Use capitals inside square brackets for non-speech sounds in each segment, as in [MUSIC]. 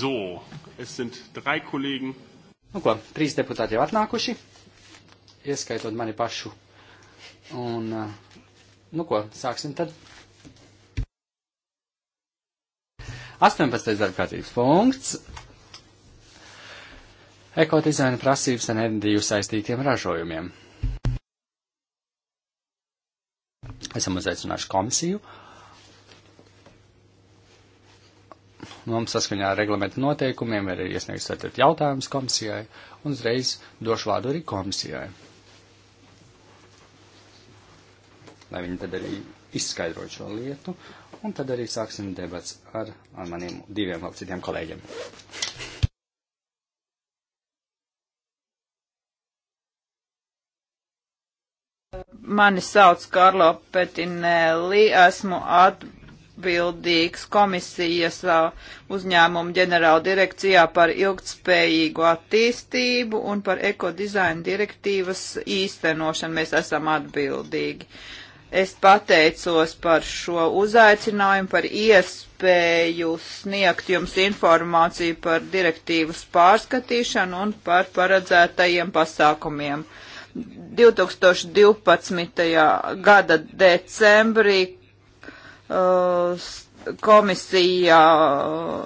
So, es sind drei Kollegen. Nu ko, trīs deputāti jau atnākuši, ieskaitot mani pašu. Un, eh, nu ko, sāksim tad. 18. darbkārtības punkts. Ekodizaina prasības enerģiju saistītiem ražojumiem. Esam uzaicinājuši komisiju. Uh, mums saskaņā ar reglamentu noteikumiem ir iesniegts tātad jautājums komisijai, un uzreiz došu vārdu arī komisijai. Lai viņi tad arī izskaidrotu šo lietu, un tad arī sāksim debats ar, ar maniem diviem vēl citiem kolēģiem. Mani sauc Karlo Petinelli, esmu atbildīgs atbildīgs komisijas uzņēmumu ģenerāla direkcijā par ilgtspējīgu attīstību un par ekodizaina direktīvas īstenošanu. Mēs esam atbildīgi. Es pateicos par šo uzaicinājumu, par iespēju sniegt jums informāciju par direktīvas pārskatīšanu un par paredzētajiem pasākumiem. 2012. gada decembrī komisija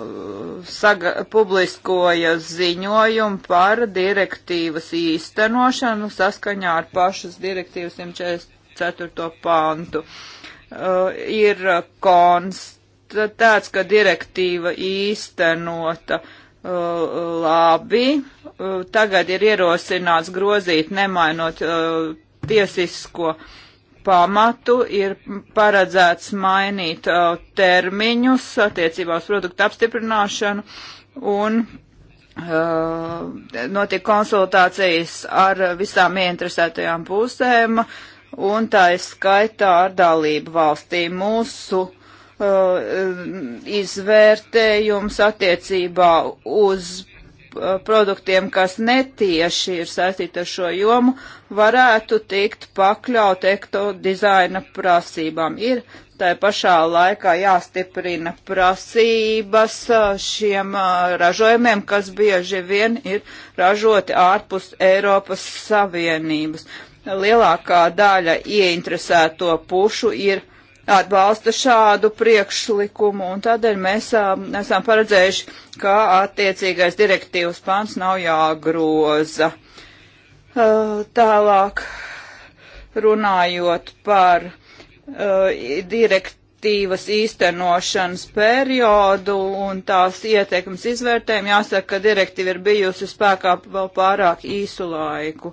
uh, saga, publiskoja ziņojumu par direktīvas īstenošanu saskaņā ar pašas direktīvas 144. pantu. Uh, ir konstatēts, ka direktīva īstenota uh, labi. Uh, tagad ir ierosināts grozīt, nemainot uh, tiesisko uh, pamatu ir paredzēts mainīt uh, termiņus attiecībā uz produktu apstiprināšanu un uh, notiek konsultācijas ar visām ieinteresētajām pusēm un tā ir skaitā ar dalību valstīm mūsu uh, izvērtējums attiecībā uz Eh, produktiem, kas netieši ir saistīti ar šo jomu, varētu tikt pakļaut ekto dizaina prasībām. Ir tai pašā laikā jāstiprina prasības eh, šiem eh, ražojumiem, kas bieži vien ir ražoti ārpus Eiropas Savienības. Lielākā daļa ieinteresēto pušu ir atbalsta šādu priekšlikumu, un tādēļ mēs a, esam paredzējuši, ka attiecīgais direktīvas pants nav jāgroza. A, tālāk runājot par direktīvu direktīvas īstenošanas periodu un tās ietekmes izvērtējumu, jāsaka, ka direktīva ir bijusi spēkā vēl pārāk īsu laiku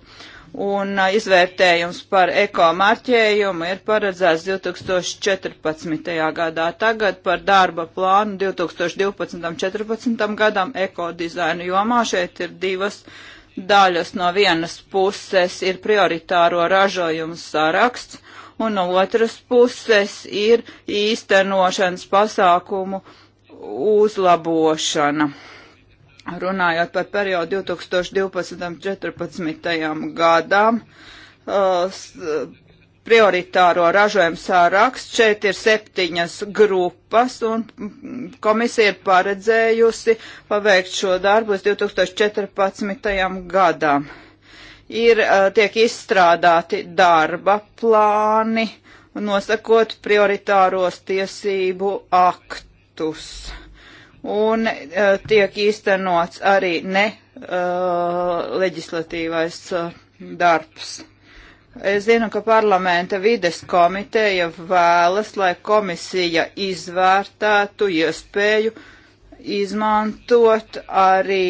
un izvērtējums par ekomarķējumu ir paredzēts 2014. gadā. Tagad par darba plānu 2012-2014 gadam ekodizainu jomā šeit ir divas daļas. No vienas puses ir prioritāro ražojumu saraksts, un no otras puses ir īstenošanas pasākumu uzlabošana runājot par periodu 2012-2014 gadām, uh, prioritāro ražojumu sāraksts. Šeit ir septiņas grupas, un komisija ir paredzējusi paveikt šo darbu līdz 2014. gadam. Ir, uh, tiek izstrādāti darba plāni, nosakot prioritāros tiesību aktus un uh, tiek īstenots arī ne uh, leģislatīvais uh, darbs. Es zinu, ka parlamenta vides komiteja vēlas, lai komisija izvērtētu iespēju izmantot arī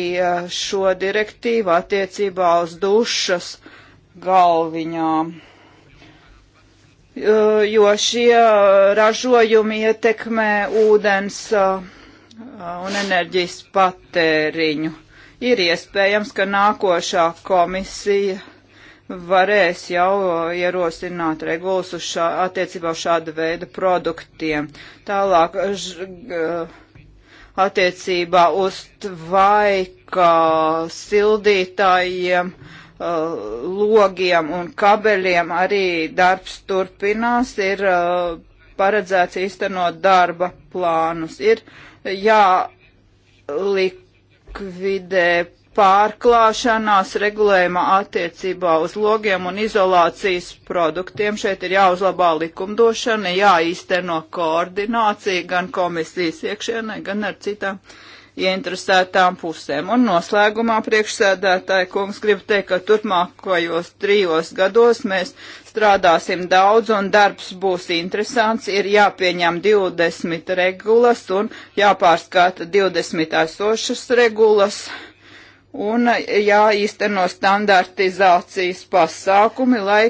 šo direktīvu attiecībā uz dušas galviņām, jo šie ražojumi ietekmē ūdens uh, un enerģijas patēriņu. Ir iespējams, ka nākošā komisija varēs jau ierosināt regulas uz šā, attiecībā uz šāda veida produktiem. Tālāk ž, attiecībā uz tvaika sildītājiem, logiem un kabeļiem arī darbs turpinās, ir paredzēts īstenot darba plānus. Ir jālikvidē pārklāšanās regulējuma attiecībā uz logiem un izolācijas produktiem. Šeit ir jāuzlabā likumdošana, jāīsteno koordinācija gan komisijas iekšienē, gan ar citām uh, ieinteresētām pusēm. Un noslēgumā priekšsēdētāji kungs gribu teikt, ka turpmākajos trijos gados mēs strādāsim daudz un darbs būs interesants. Ir jāpieņem 20 regulas un jāpārskata 20 esošas regulas un jāīsteno standartizācijas pasākumi, lai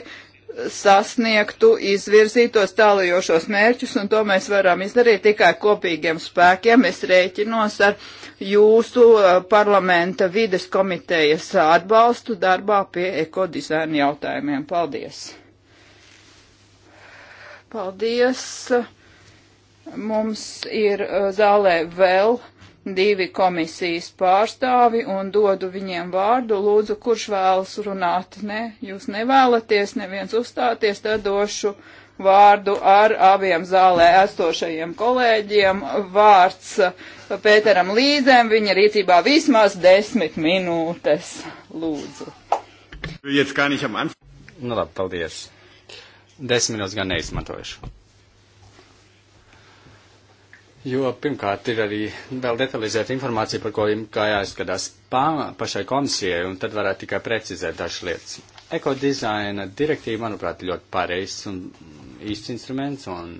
sasniegtu izvirzītos tālajošos mērķus, un to mēs varam izdarīt tikai kopīgiem spēkiem. Es rēķinos ar jūsu eh, parlamenta vides komitejas atbalstu darbā pie ekodizaina jautājumiem. Paldies! Paldies! Mums ir eh, zālē vēl divi komisijas pārstāvi un dodu viņiem vārdu. Lūdzu, kurš vēlas runāt? Nē, ne, jūs nevēlaties neviens uzstāties, tad došu vārdu ar abiem zālē esošajiem kolēģiem. Vārds Pēteram Līdzēm, viņa rīcībā vismaz desmit minūtes. Lūdzu. Nu labi, paldies. Desmit minūtes gan neizmantojuši jo pirmkārt ir arī vēl detalizēta informācija, par ko kā jāizskatās pa, pašai komisijai, un tad varētu tikai precizēt dažas lietas. Ekodizaina direktīva, manuprāt, ir ļoti pareizs un īsts instruments, un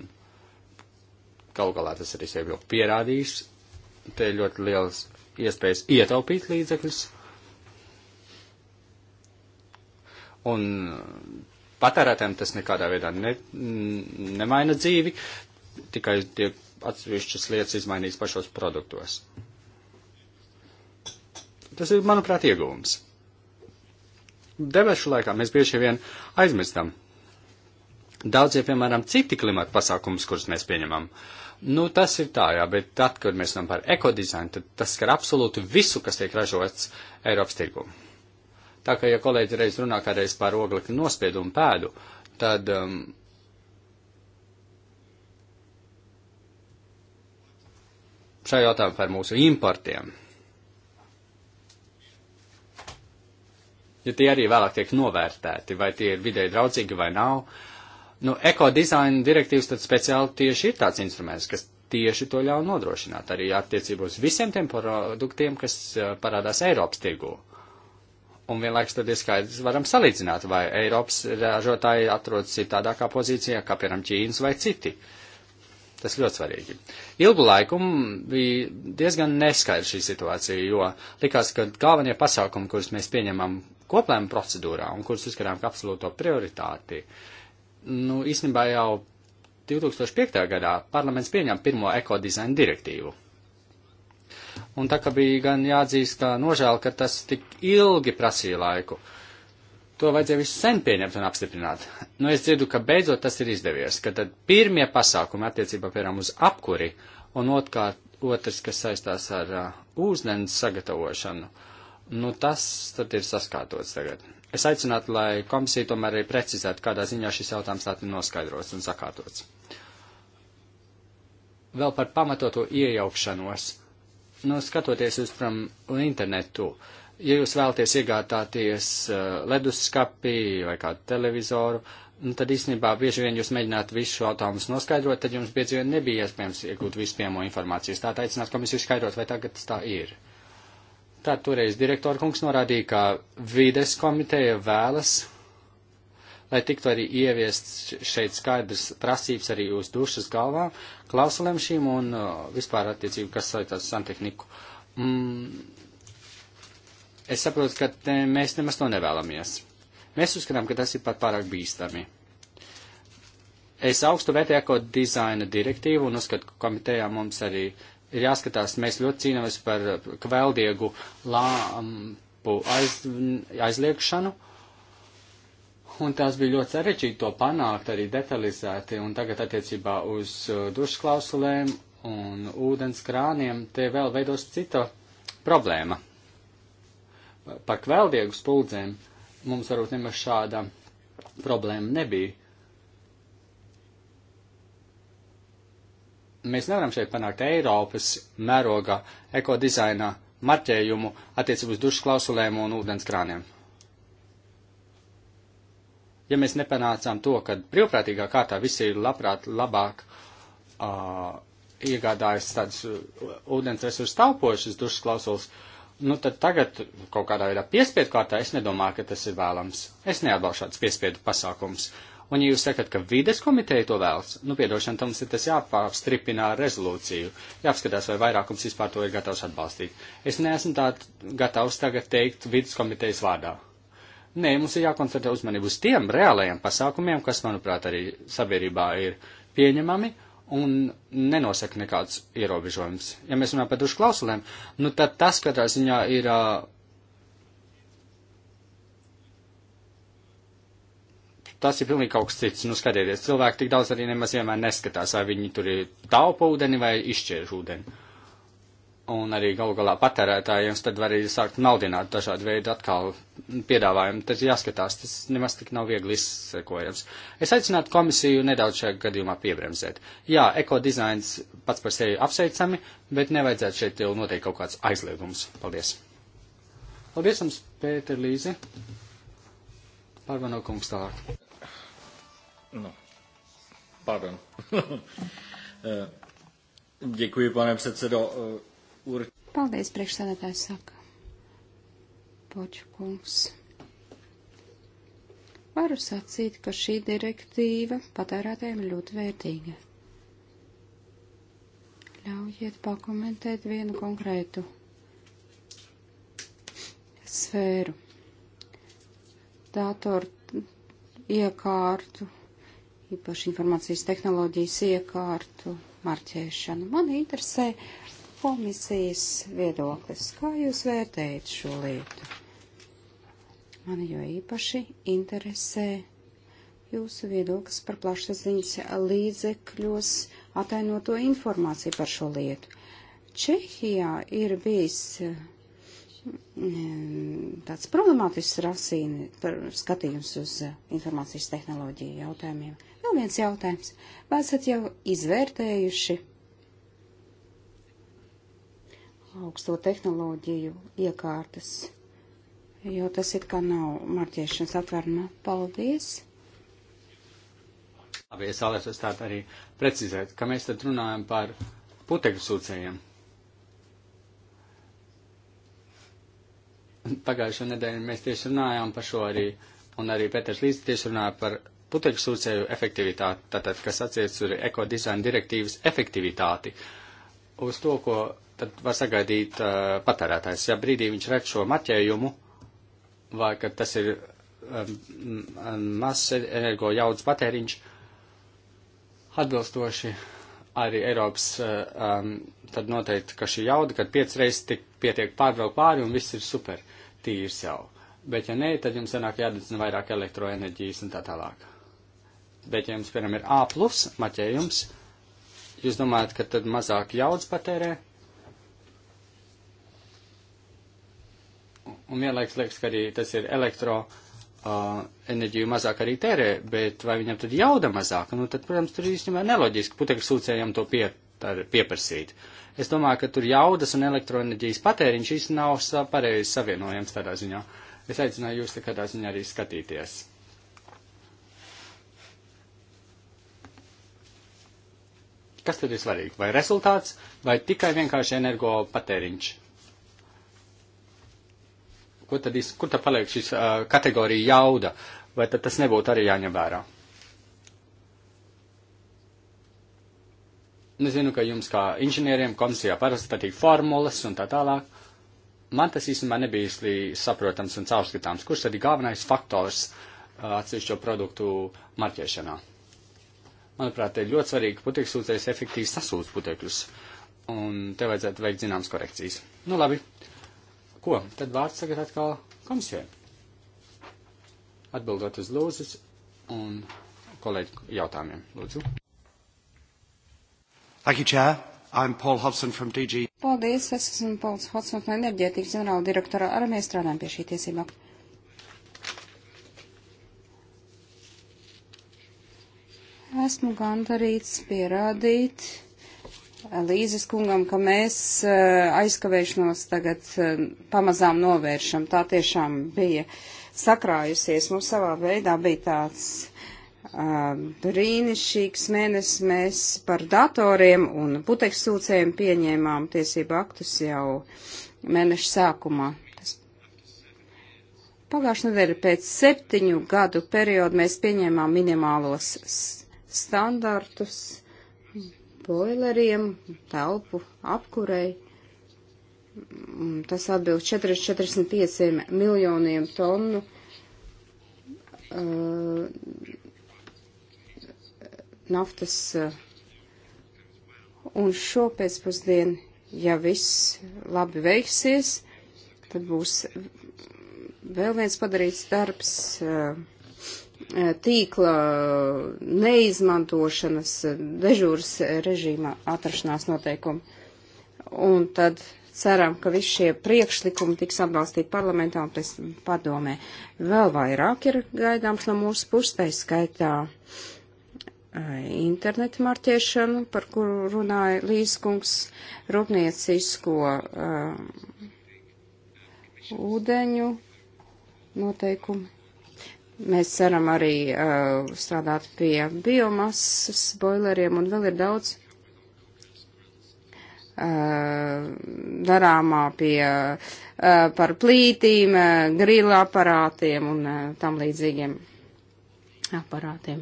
galu galā tas arī sevi jau pierādījis. Te ir ļoti liels iespējas ietaupīt līdzekļus. Un patērētēm tas nekādā veidā ne, nemaina dzīvi, tikai tiek atsevišķas lietas izmainīs pašos produktos. Tas ir, manuprāt, iegūms. Debešu laikā mēs bieži vien aizmirstam daudzie, piemēram, citi klimata pasākums, kurus mēs pieņemam. Nu, tas ir tā, jā, bet tad, kad mēs runājam par ekodizainu, tad tas skar absolūti visu, kas tiek ražots Eiropas tirgū. Tā kā, ja kolēģi reiz runā kādreiz par oglekļa nospiedumu pēdu, tad um, šajā jautājumā par mūsu importiem. Ja tie arī vēlāk tiek novērtēti, vai tie ir vidēji draudzīgi vai nav. Nu, ekodizaina direktīvas tad speciāli tieši ir tāds instruments, kas tieši to ļauj nodrošināt arī attiecībos visiem tiem produktiem, kas parādās Eiropas tirgū. Un vienlaikus tad ir skaidrs, varam salīdzināt, vai Eiropas ražotāji atrodas citādākā pozīcijā, kā piemēram Ķīnas vai citi. Uh, Tas ļoti svarīgi. Ilgu laiku bija diezgan neskaidra šī situācija, jo likās, ka galvenie pasākumi, kurus mēs pieņemam koplēmu procedūrā un kurus uzskatām par absolūto prioritāti, nu, īstenībā jau 2005. gadā parlaments pieņēma pirmo ekodizaina direktīvu. Un tā kā bija gan jāatzīst, ka nožēl, ka tas tik ilgi prasīja laiku. Uh, To vajadzēja visu sen pieņemt un apstiprināt. Nu, es dzirdu, ka beidzot tas ir izdevies, ka tad pirmie pasākumi attiecībā, piemēram, uz apkuri un otrkārt, otrs, kas saistās ar uh, ūdens sagatavošanu, nu, tas tad ir saskārtots tagad. Es aicinātu, lai komisija tomēr arī precizētu, kādā ziņā šis jautājums tātad noskaidrots un sakārtots. Vēl par pamatoto iejaukšanos. Nu, skatoties uz, pram, internetu, uh, ja jūs vēlaties iegādāties eh, leduskapī vai kādu televizoru, nu, tad īstenībā bieži vien jūs mēģināt visu šo jautājumus noskaidrot, tad jums bieži vien nebija iespējams iegūt vispiemo informācijas. Tā aicināt komisiju skaidrot, vai tagad tā ir. Tā toreiz direktora kungs norādīja, ka vides komiteja vēlas, lai tiktu arī ieviests šeit skaidrs prasības arī uz dušas galvā, klausulēm šīm un uh, vispār attiecību, kas saistās santehniku. Mm, es saprotu, ka te, mēs nemaz to nevēlamies. Mēs uzskatām, ka tas ir pat pārāk bīstami. Es augstu vērtēju ko dizaina direktīvu un uzskatu, ka komitejā mums arī ir jāskatās, mēs ļoti cīnāmies par kveldiegu lampu aiz, aizliekšanu. Un tās bija ļoti sarežģīti to panākt arī detalizēti, un tagad attiecībā uz uh, dušas klausulēm un ūdens krāniem te vēl veidos cita problēma par kvēldiegu spuldzēm mums varbūt nemaz šāda problēma nebija. Mēs nevaram šeit panākt Eiropas mēroga ekodizaina marķējumu attiecībā uz dušu klausulēm un ūdens krāniem. Ja mēs nepanācām to, ka brīvprātīgā kārtā visi ir labprāt labāk uh, iegādājas tādas ūdens resursu taupošas dušas klausulas, uh, Nu, tad tagad kaut kādā veidā piespiedu kārtā es nedomāju, ka tas ir vēlams. Es neatbalstu šāds piespiedu pasākums. Un, ja jūs sakat, ka vides komiteja to vēlas, nu, piedošana, tam ir tas jāpārstripinā rezolūciju, jāapskatās, vai vairākums vispār to ir gatavs atbalstīt. Es neesmu tā gatavs tagad teikt vides komitejas vārdā. Nē, mums ir jākoncentrē uzmanību uz tiem reālajiem pasākumiem, kas, manuprāt, arī sabiedrībā ir pieņemami, un nenosaka nekāds ierobežojums. Ja mēs runājam par dušu klausulēm, nu tad tas katrā ziņā ir. Tas ir pilnīgi kaut kas cits. Nu, skatieties, cilvēki tik daudz arī nemaz vienmēr neskatās, vai viņi tur ir taupa ūdeni vai izšķērš ūdeni un arī galu galā patērētājiem, tad var arī sākt maldināt dažādu veidu atkal piedāvājumu. Tad jāskatās, tas nemaz tik nav viegli izsekojams. Es aicinātu komisiju nedaudz šajā gadījumā piebremzēt. Jā, ekodizains pats par sevi apsveicami, bet nevajadzētu šeit jau noteikti kaut kāds aizliegums. Paldies! Paldies jums, Pēter Līzi! Pārvano kungs tālāk. No. Nu, pardon. [LAUGHS] Eh, děkuji, pane předsedo. Eh, Ur... Paldies, priekšsēdētājs saka. Poču kungs. Varu sacīt, ka šī direktīva patērētājiem ir ļoti vērtīga. Ļaujiet pakomentēt vienu konkrētu sfēru. Datoru iekārtu, īpaši informācijas tehnoloģijas iekārtu marķēšanu. Man interesē, uh, komisijas viedoklis. Kā jūs vērtējat šo lietu? Mani jo īpaši interesē jūsu viedoklis par plašsaziņas līdzekļos atainoto informāciju par šo lietu. Čehijā ir bijis mm, tāds problemātisks rasīni par skatījums uz informācijas tehnoloģiju jautājumiem. Vēl viens jautājums. Vai esat jau izvērtējuši augsto tehnoloģiju iekārtas, jo tas it kā nav marķēšanas atvērumā. Paldies! Labi, es vēlētos tā arī precizēt, ka mēs tad runājam par putekļu sūcējiem. Pagājušo nedēļu mēs tieši runājām par šo arī, un arī Pēters Līdz tieši runāja par putekļu sūcēju efektivitāti, tātad, kas attiec uz ekodizaina direktīvas efektivitāti, uz to, ko tad var sagaidīt uh, patērētājs. Ja brīdī viņš redz šo marķējumu, vai ka tas ir um, mazs energo jaudas patēriņš, atbilstoši arī Eiropas, uh, um, tad noteikti, ka šī jauda, kad piecas reizes tik pietiek pārbraukt pāri un viss ir super tīrs jau. Bet ja nē, tad jums sanāk jādedzina vairāk elektroenerģijas un tā tālāk. Bet ja jums, piemēram, ir A plus maķējums, jūs domājat, ka tad mazāk jaudas patērē? un vienlaiks liekas, ka arī tas ir elektro uh, enerģiju mazāk arī tērē, bet vai viņam tad jauda mazāk? Nu, tad, protams, tur īstenībā neloģiski putekļu sūcējiem to pie, tar, pieprasīt. Es domāju, ka tur jaudas un elektroenerģijas patēriņš īstenībā nav sa, pareizi savienojams tādā ziņā. Es aicināju jūs te kādā ziņā arī skatīties. Kas tad ir svarīgi? Vai rezultāts, vai tikai vienkārši energo patēriņš? Ko tad, iz, kur tad paliek šis uh, kategorija jauda? Vai tad tas nebūtu arī jāņem vērā? Nezinu, ka jums kā inženieriem komisijā parasti patīk formulas un tā tālāk. Man tas īstenībā nebija īsti saprotams un caurskatāms, kurš tad ir galvenais faktors uh, atsevišķo produktu marķēšanā. Manuprāt, ir ļoti svarīgi, ka putekļu sūcējs efektīvi sasūc putekļus, un te vajadzētu veikt zināmas korekcijas. Nu labi, uh, ko? Tad vārds tagad atkal komisijai. Atbildot uz lūzes un kolēģi jautājumiem. Lūdzu. Thank you, Chair. I'm Paul Hobson from DG. Paldies, es esmu Pauls Hobson no enerģētikas ģenerāla direktora. Arī mēs strādājam pie šī tiesība. Esmu gandarīts pierādīt Līzes kungam, ka mēs eh, aizkavēšanos tagad eh, pamazām novēršam. Tā tiešām bija sakrājusies. Mums savā veidā bija tāds eh, brīnišķīgs mēnesis. Mēs par datoriem un putekstūcējiem pieņēmām tiesību aktus jau mēneša sākumā. Pagājušā nedēļa pēc septiņu gadu periodu mēs pieņēmām minimālos standartus boileriem, telpu apkurei. Tas atbilst 445 miljoniem tonu uh, naftas. Uh, un šo pēcpusdienu, ja viss labi veiksies, tad būs vēl viens padarīts darbs. Uh, E, tīkla neizmantošanas e, dežūras režīmā atrašanās noteikumi. Un tad ceram, ka visi šie priekšlikumi tiks atbalstīti parlamentā un pēc padomē. Vēl vairāk ir gaidāms no mūsu pustai skaitā e, internetu marķēšanu, par kuru runāja Līskungs, rūpniecisko uh, ūdeņu noteikumi Mēs ceram arī uh, strādāt pie biomasas boileriem un vēl ir daudz uh, darāmā pie, uh, par plītīm, uh, grila aparātiem un uh, tam līdzīgiem aparātiem.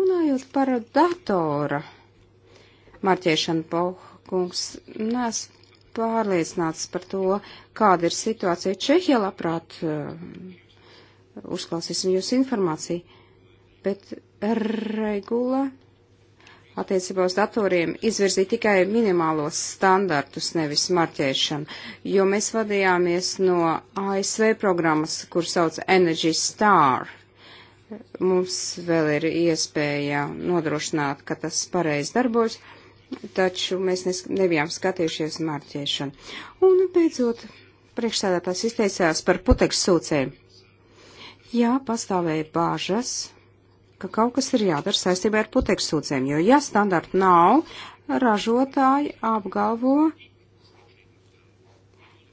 Runājot par datora marķēšanu, Paukungs, neesmu pārliecināts par to, kāda ir situācija Čehijā, labprāt. Uh, uzklāsīsim jūsu informāciju, bet regula attiecībā uz datoriem izvirzīja tikai minimālos standartus, nevis marķēšanu, jo mēs vadījāmies no ASV programmas, kur sauc Energy Star. Mums vēl ir iespēja nodrošināt, ka tas pareizi darbojas, taču mēs nebijām skatījušies marķēšanu. Un, beidzot, priekšstādātājs izteicās par putekļu sūcēju Jā, pastāvēja bāžas, ka kaut kas ir jādara saistībā ar putekļsūcēm, jo ja standarta nav, ražotāji apgalvo,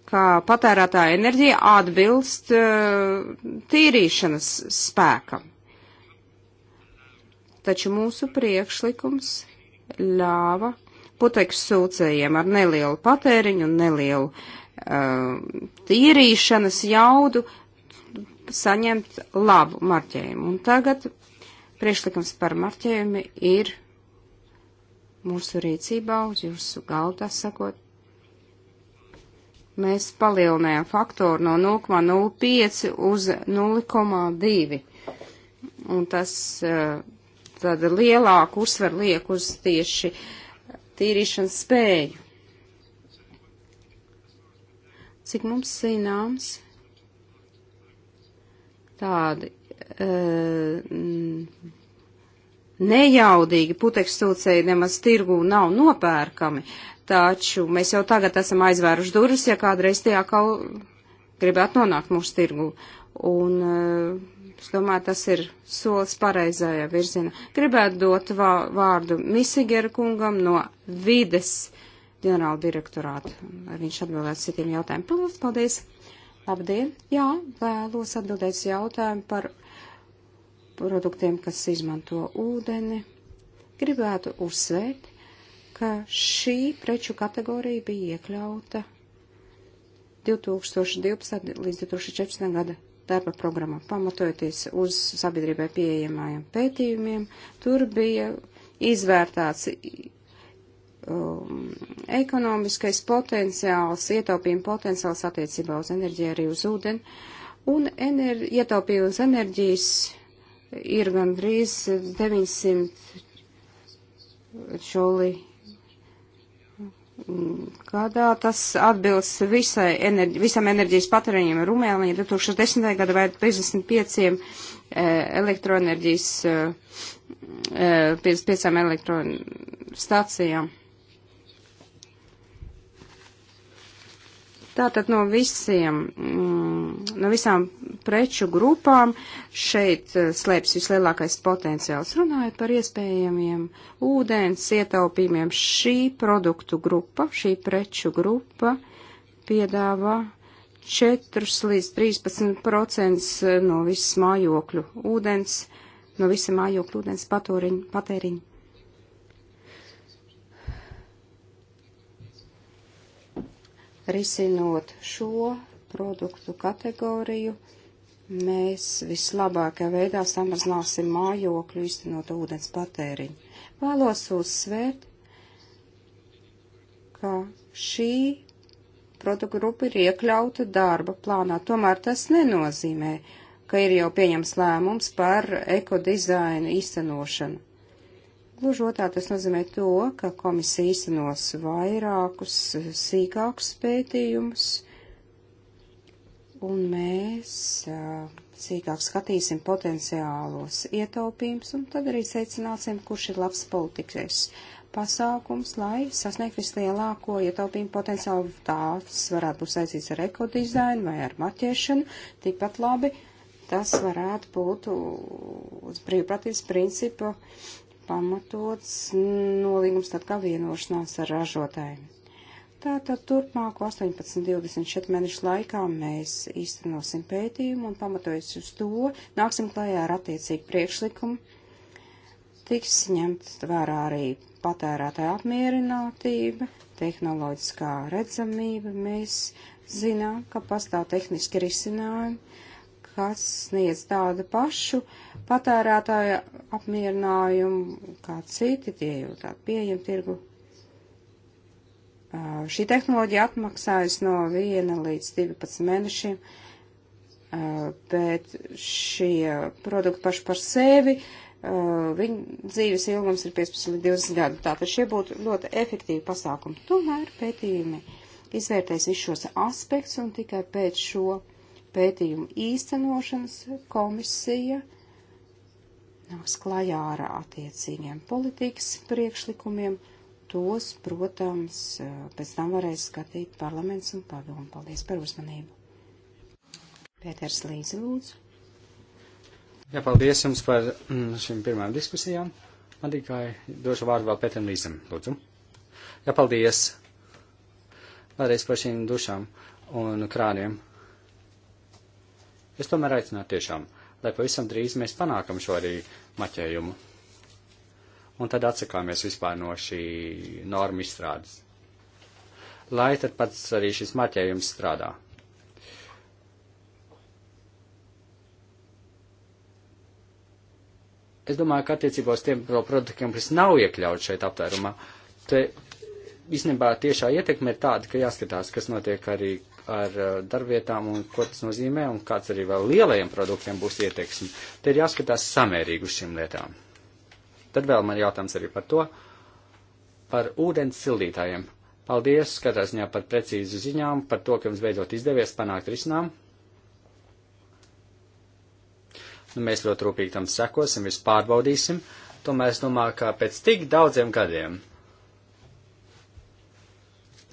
ka patērētāja enerģija atbilst uh, tīrīšanas spēkam. Taču mūsu priekšlikums ļāva putekļsūcējiem ar nelielu patēriņu un nelielu uh, tīrīšanas jaudu saņemt labu marķējumu. Un tagad priekšlikums par marķējumu ir mūsu rīcībā uz jūsu galda sakot. Mēs palielinājām faktoru no 0,05 uz 0,2. Un tas eh, tad lielāku uzsver liek uz tieši tīrīšanas spēju. Cik mums zināms? tādi uh, nejaudīgi putekstūcei nemaz tirgu nav nopērkami, taču mēs jau tagad esam aizvēruši durvis, ja kādreiz tie atkal gribētu nonākt mūsu tirgu. Un e, es domāju, tas ir solis pareizajā virzienā. Gribētu dot vārdu Misigera kungam no vides ģenerāla direktorāta, lai viņš atbildētu citiem jautājumiem. Paldies! paldies. Labdien! Jā, vēlos atbildēt uz jautājumu par produktiem, kas izmanto ūdeni. Gribētu uzsvērt, ka šī preču kategorija bija iekļauta 2012. līdz 2014. gada darba programmā, pamatojoties uz sabiedrībai pieejamajiem pētījumiem. Tur bija izvērtāts um, ekonomiskais potenciāls, ietaupījuma potenciāls attiecībā uz enerģiju arī uz ūdeni, un ener ietaupījums enerģijas ir gandrīz 900 šoli gadā. Tas atbilst visai enerģi, visam enerģijas patēriņam Rumēnijā 2010. gada vai 55 eh, elektroenerģijas, 55 eh, eh, elektrostacijām. Tātad no, visiem, mm, no visām preču grupām šeit eh, slēpjas vislielākais potenciāls. Runājot par iespējamiem ūdens ietaupījumiem, šī produktu grupa, šī preču grupa piedāvā 4 līdz 13% eh, no visas mājokļu ūdens, no visa mājokļu ūdens patūriņa, patēriņa. risinot šo produktu kategoriju, mēs vislabākajā veidā samazināsim mājokļu īstenot ūdens patēriņu. Vēlos uzsvērt, ka šī produktu grupa ir iekļauta darba plānā. Tomēr tas nenozīmē, ka ir jau pieņems lēmums par ekodizainu īstenošanu. Gluži otrā tas nozīmē to, ka komisija īstenos vairākus sīkākus pētījumus, un mēs sīkāk skatīsim potenciālos ietaupījumus, un tad arī secināsim, kurš ir labs politikas pasākums, lai sasniegtu vislielāko ietaupījumu potenciālu. Tās varētu būt saistīts ar ekodizainu vai ar maķēšanu, tikpat labi tas varētu būt uz brīvprātības principu pamatots nolīgums tad kā vienošanās ar ražotājiem. Tātad turpmāko 18-24 mēnešu laikā mēs īstenosim pētījumu un pamatojas uz to, nāksim klajā ar attiecīgu priekšlikumu, tiks ņemt vērā arī patērētāja apmierinātība, tehnoloģiskā redzamība. Mēs zinām, ka pastāv tehniski risinājumi, kas sniedz tādu pašu patērētāju apmierinājumu kā citi, tie jau tādi pieejami tirgu. Uh, šī tehnoloģija atmaksājas no 1 līdz 12 mēnešiem, uh, bet šie produkti paši par sevi, uh, viņu dzīves ilgums ir 15 līdz 20 gadu. Tātad šie būtu ļoti efektīvi pasākumi. Tomēr pētījumi izvērtēs visus šos aspektus un tikai pēc šo pētījumu īstenošanas komisija nāks klajā ar attiecīgiem politikas priekšlikumiem. Tos, protams, eh, pēc tam varēs skatīt parlaments un padomu. Paldies par uzmanību. Pēters Līdzi, lūdzu. Jā, paldies jums par mm, šīm pirmām diskusijām. Man tikai došu vārdu vēl Pēteram Līdzam, lūdzu. Jā, paldies vēlreiz par šīm dušām un krāniem. Es tomēr aicinātu tiešām, lai pavisam drīz mēs panākam šo arī maķējumu. Un tad atsakāmies vispār no šī norma izstrādes. Lai tad pats arī šis maķējums strādā. es domāju, ka attiecībā uz tiem produktiem, kas nav iekļauts šeit aptvērumā, te īstenībā tiešā ietekme ir tāda, ka jāskatās, kas notiek arī ar eh, darbvietām un ko tas nozīmē un kāds arī vēl lielajiem produktiem būs ieteiksmi. Te ir jāskatās samērīgi uz šīm lietām. Tad vēl man jautājums arī par to, par ūdens sildītājiem. Paldies, katrā ziņā par precīzu ziņām, par to, ka jums beidzot izdevies panākt risinām. Nu, mēs ļoti rūpīgi tam sekosim, vispār baudīsim. Tomēr es domāju, ka pēc tik daudziem gadiem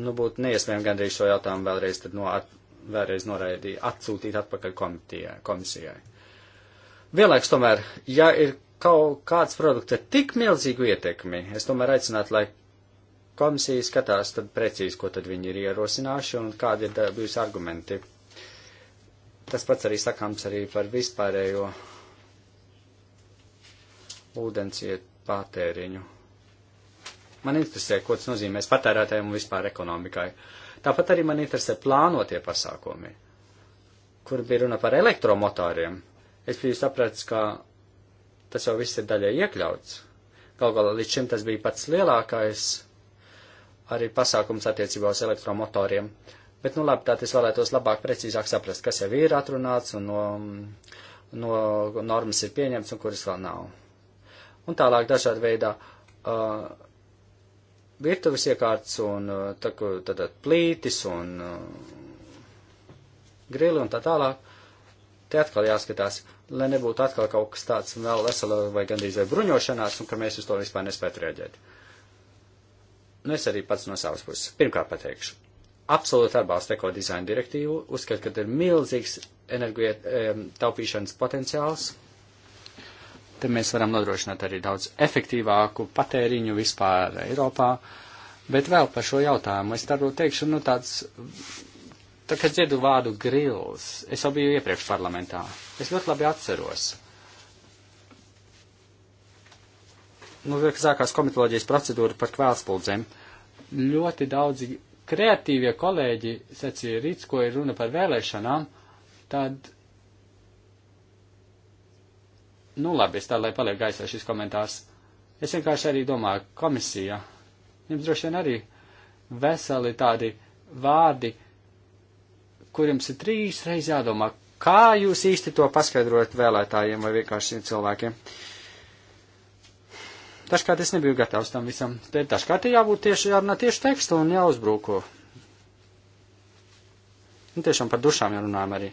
nu, būtu neiespējami gandrīz šo jautājumu vēlreiz, tad no, at, vēlreiz noraidīja, atsūtīt atpakaļ komitijai, komisijai. Vienlaiks tomēr, ja ir kaut kāds produkts ar tik milzīgu ietekmi, es tomēr aicinātu, lai komisija skatās tad precīzi, ko tad viņi ir ierosinājuši un kādi ir bijusi argumenti. Tas pats arī sakāms arī par vispārējo ūdens iet patēriņu. Man interesē, ko tas nozīmēs patērētājiem un vispār ekonomikai. Tāpat arī man interesē plānotie pasākumi, kur bija runa par elektromotāriem. Es biju sapratis, ka tas jau viss ir daļai iekļauts. Galu galā līdz šim tas bija pats lielākais arī pasākums attiecībā uz elektromotoriem. Bet, nu labi, tātad es vēlētos labāk, precīzāk saprast, kas jau ir atrunāts un no, no normas ir pieņemts un kuras vēl nav. Un tālāk dažādi veidā uh, virtuves iekārtas un taku, uh, tātad plītis un uh, grili un tā tālāk. Te atkal jāskatās, lai nebūtu atkal kaut kas tāds vēl vesela vai gandrīz vai bruņošanās un ka mēs uz to vispār nespētu rēģēt. Nu, es arī pats no savas puses. Pirmkārt pateikšu. Absolūti atbalstu eko dizaina direktīvu. Uzskatu, ka ir milzīgs energotaupīšanas potenciāls te mēs varam nodrošināt arī daudz efektīvāku patēriņu vispār Eiropā. Bet vēl par šo jautājumu es tādu teikšu, nu tāds, tā kā dziedu vārdu grils, es jau biju iepriekš parlamentā, es ļoti labi atceros. Nu, kad sākās komitoloģijas procedūra par kvēlspuldzēm, ļoti daudzi kreatīvie kolēģi sacīja rīts, ko ir runa par vēlēšanām, tad Nu, labi, es tā, lai paliek gaisā šis komentārs. Es vienkārši arī domāju, komisija, jums droši vien arī veseli tādi vārdi, kur jums ir trīs reizes jādomā, kā jūs īsti to paskaidrojat vēlētājiem vai vienkārši cilvēkiem. Dažkārt es nebiju gatavs tam visam, bet dažkārt ir jābūt tieši jārunā tieši tekstu un jāuzbrūko. Un nu, tiešām par dušām jārunājam arī.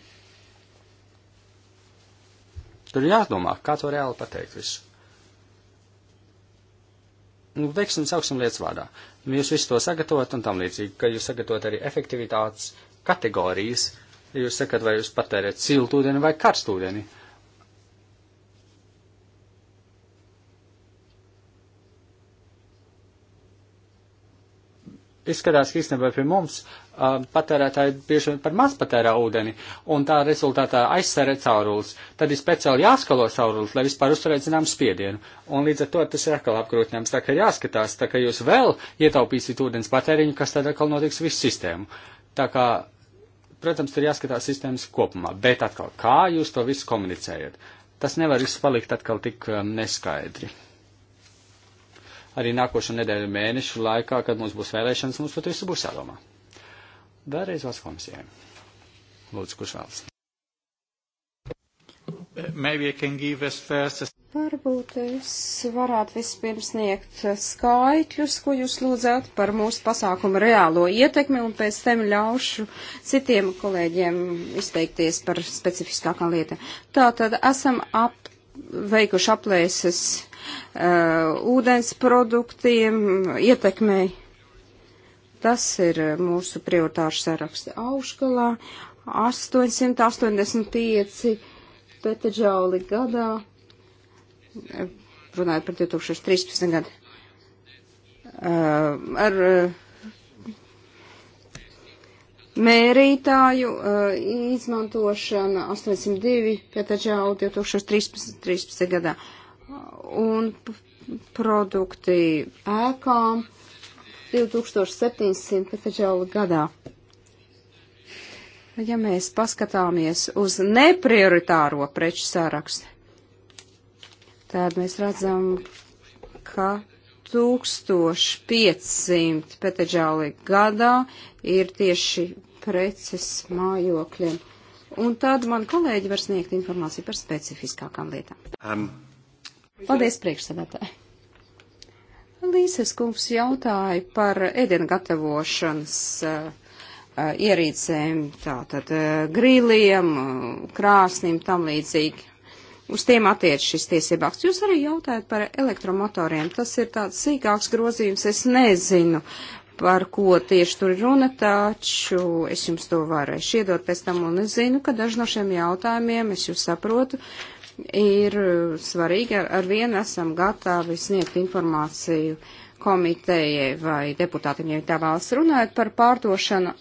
Tur ir jādomā, kā to reāli pateikt visu. Nu, veiksim, sauksim lietas vārdā. Nu, jūs visu to sagatavot un tam līdzīgi, ka jūs sagatavot arī efektivitātes kategorijas, ja jūs sakat, vai jūs patērēt siltūdeni vai karstūdeni. Uh, izskatās, ka īstenībā pie mums uh, patērētāji bieži vien par maz patērē ūdeni, un tā rezultātā aizsarē caurules. Tad ir speciāli jāskalo caurules, lai vispār uzturētu zinām spiedienu, un līdz ar to tas ir atkal apgrūtinājums. Tā kā jāskatās, tā kā jūs vēl ietaupīsiet ūdens patēriņu, kas tad atkal notiks visu sistēmu. Tā kā, protams, ir jāskatās sistēmas kopumā, bet atkal, kā jūs to visu komunicējat? Tas nevar viss palikt atkal tik um, neskaidri arī nākošo nedēļu mēnešu laikā, kad mums būs vēlēšanas, mums par to visu būs jādomā. Vēlreiz valsts komisijai. Lūdzu, kurš vēlas? Varbūt es varētu vispirms sniegt skaitļus, ko jūs lūdzat par mūsu pasākumu reālo ietekmi, un pēc tam ļaušu citiem kolēģiem izteikties par specifiskākām lietām. Tātad esam ap, veikuši aplēses Uh, ūdens produktiem, ietekmei. Tas ir uh, mūsu prioritāšu saraksta augšgalā. 885 petaģauli gadā, uh, runājot par 2013. gadu. Uh, ar uh, mērītāju uh, izmantošana 802 petaģauli 2013. 2013 gadā. Uh, un produkti ēkām 2700 petaģaulu gadā. Ja mēs paskatāmies uz neprioritāro preču sārakstu, tad mēs redzam, ka 1500 petaģauli gadā ir tieši preces mājokļiem. Un tad man kolēģi var sniegt informāciju par specifiskākām lietām. Um. Paldies, priekšsēdētāji. Līses kungs jautāja par ēdienu gatavošanas uh, ierīcēm, tātad uh, eh, grīliem, krāsnim, tam līdzīgi. Uz tiem attiec šis tiesībāks. Jūs arī jautājat par elektromotoriem. Tas ir tāds sīkāks grozījums. Es nezinu, par ko tieši tur runa, taču es jums to varēšu iedot pēc tam un es zinu, ka daži no šiem jautājumiem es jūs saprotu. Uh, ir eh, svarīgi. Ar, ar vienu esam gatavi sniegt informāciju komitejai vai deputātiem, ja tā vēlas runājot par pārdošanu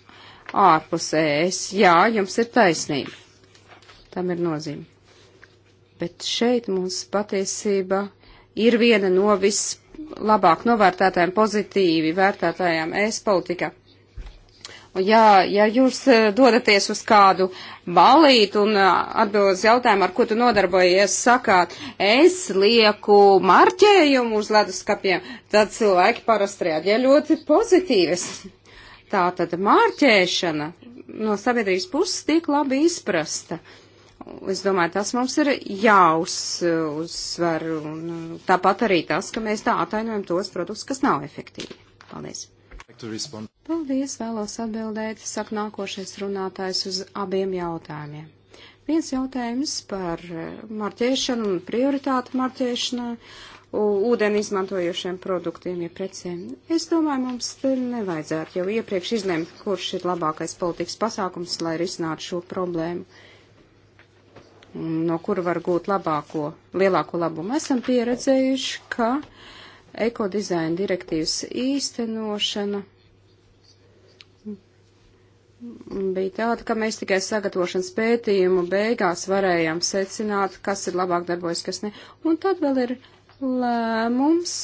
ārpus ES. Jā, jums ir taisnība. Tam ir nozīme. Bet šeit mums patiesība ir viena no vislabāk novērtētājiem, pozitīvi vērtētājiem ES politikā. Jā, ja jūs e, dodaties uz kādu balīti un e, atbild uz jautājumu, ar ko tu nodarbojies, sakāt, es lieku marķējumu uz leduskapiem, tad cilvēki parasti reaģē ļoti pozitīvi. [LAUGHS] Tā tad marķēšana no sabiedrības puses tiek labi izprasta. Es domāju, tas mums ir jāuzsver, un e, tāpat arī tas, ka mēs tā atainojam tos produktus, kas nav efektīvi. Paldies! Paldies, vēlos atbildēt, saka nākošais runātājs uz abiem jautājumiem. Viens jautājums par eh, marķēšanu un prioritātu marķēšanai ūdeni izmantojošiem produktiem, ja precēm. Es domāju, mums nevajadzētu jau iepriekš izlemt, kurš ir labākais politikas pasākums, lai risinātu šo problēmu, no kura var gūt labāko, lielāko labumu. Esam pieredzējuši, ka uh, ekodizaina direktīvas īstenošana bija tāda, ka mēs tikai sagatavošanas pētījumu beigās varējām secināt, kas ir labāk darbojas, kas ne. Un tad vēl ir lēmums,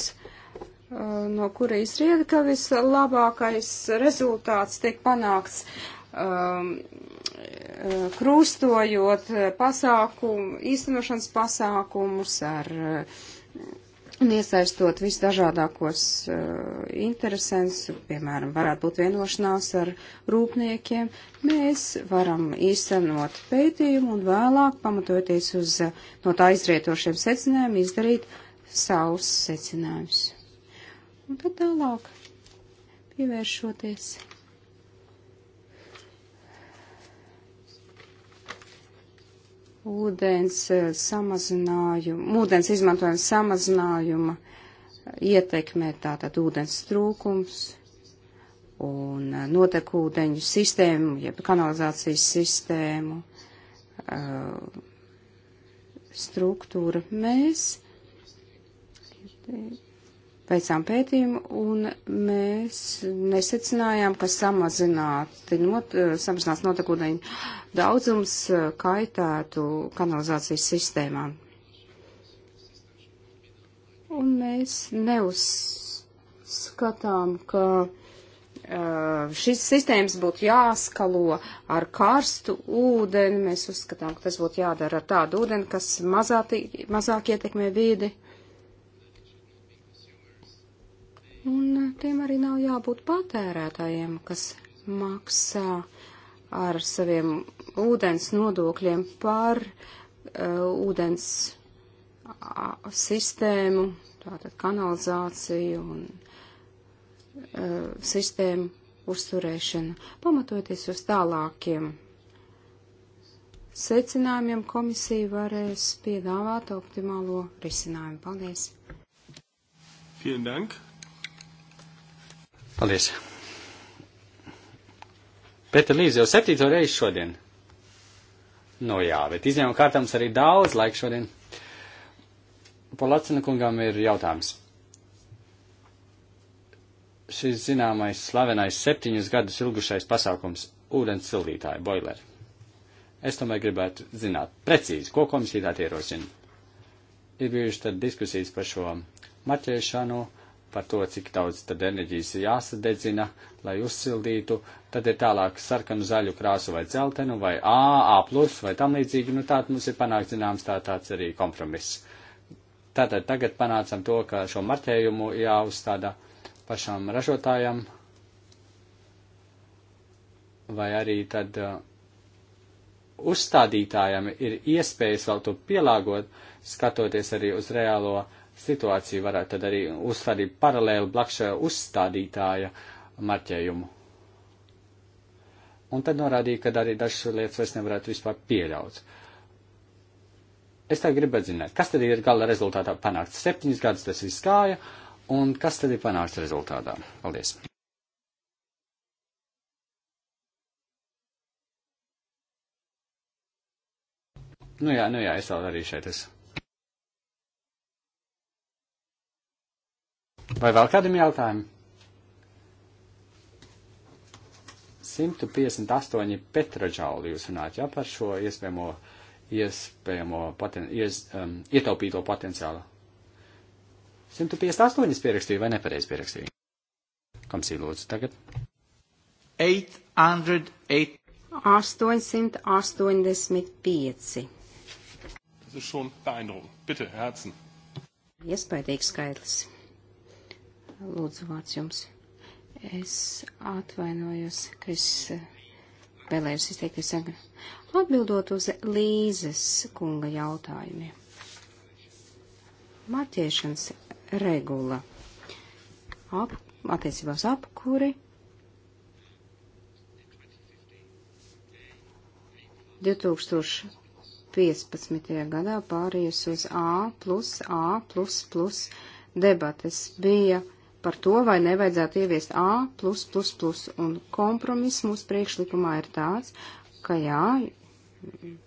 uh, no kura izrieda, ka vislabākais rezultāts tiek panākts um, uh, krūstojot uh, pasākumu, īstenošanas pasākumus ar uh, Un iesaistot visdažādākos uh, interesants, piemēram, varētu būt vienošanās ar rūpniekiem, mēs varam īstenot pētījumu un vēlāk, pamatoties uz uh, no tā izrietošiem secinājumiem, izdarīt savus secinājumus. Un tad tālāk pievēršoties ūdens eh, samazinājumu, ūdens izmantojuma samazinājuma ietekmē tātad ūdens trūkums un eh, notekūdeņu sistēmu, jeb kanalizācijas sistēmu eh, struktūra. Mēs veicām pētījumu un mēs nesecinājām, ka samazināti, not, eh, samazināts notekūdeņu daudzums eh, kaitētu kanalizācijas sistēmām. Un mēs neuzskatām, ka eh, šīs sistēmas būtu jāskalo ar karstu ūdeni. Mēs uzskatām, ka tas būtu jādara ar tādu ūdeni, kas mazāk, mazāk ietekmē vīdi. Un tiem arī nav jābūt patērētājiem, kas maksā ar saviem ūdens nodokļiem par uh, ūdens uh, sistēmu, tātad kanalizāciju un uh, sistēmu uzturēšanu, pamatoties uz tālākiem secinājumiem komisija varēs piedāvāt optimālo risinājumu. Paldies! Vielen Dank! Paldies. Pēter Līdz jau septīto reizi šodien. Nu jā, bet izņēmuma kārtams arī daudz laika šodien. Polacina kungam ir jautājums. Šis zināmais slavenais septiņus gadus ilgušais pasākums - ūdens sildītāja boileri. Es tomēr gribētu zināt precīzi, ko komisija tā ierosina. Ir bijušas tad diskusijas par šo marķēšanu, par to, cik daudz tad enerģijas ir jāsadedzina, lai uzsildītu, tad ir tālāk sarkanu, zaļu krāsu vai dzeltenu vai A, A plus vai tam līdzīgi, nu tātad mums ir panākt zināms tā tāds arī kompromiss. Tātad tagad panācam to, ka šo martējumu jāuzstāda pašam ražotājam vai arī tad uh, uzstādītājam ir iespējas vēl to pielāgot, skatoties arī uz reālo uh, situāciju varētu tad arī uzstādīt paralēli blakšā uzstādītāja marķējumu. Un tad norādīja, ka arī dažas lietas vairs nevarētu vispār pieļaut. Es tā gribētu zināt, kas tad ir gala rezultātā panākts. Septiņas gadus tas viss gāja, un kas tad ir panākts rezultātā? Paldies! Nu jā, nu jā, es vēl arī šeit esmu. Vai vēl kādam jautājumam? 158 petražauli jūs runājat, jā, ja, par šo iespējamo, iespējamo paten, ies, um, ietaupīto potenciālu. 158 es pierakstīju vai nepareizi pierakstīju? Komisija lūdzu tagad. 808. 885. Tas ir šon beeindruckend. Bitte, Herzen. Iespaidīgs skaitlis. Lūdzu, vārds jums. Es atvainojos, ka es eh, vēlējos izteikties agrāk. Atbildot uz Līzes kunga jautājumiem. Marķiešanas regula. Ap, attiecībās apkuri. 2015. gadā pārējus uz A plus A plus plus debates bija par to, vai nevajadzētu ieviest A, plus, plus, plus, un kompromiss mūsu priekšlikumā ir tāds, ka jā,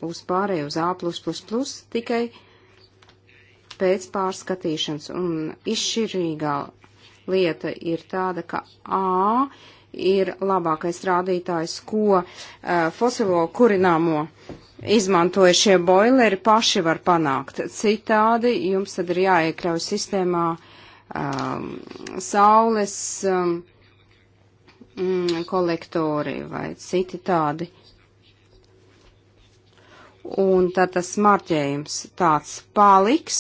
būs pārēj uz A, plus, plus, plus, tikai pēc pārskatīšanas, un izšķirīgā lieta ir tāda, ka A ir labākais rādītājs, ko uh, fosilo kurināmo izmantojušie boileri paši var panākt. Citādi jums tad ir jāiekļauj sistēmā uh, um, saules um, mm, kolektori vai citi tādi. Un tad tas marķējums tāds paliks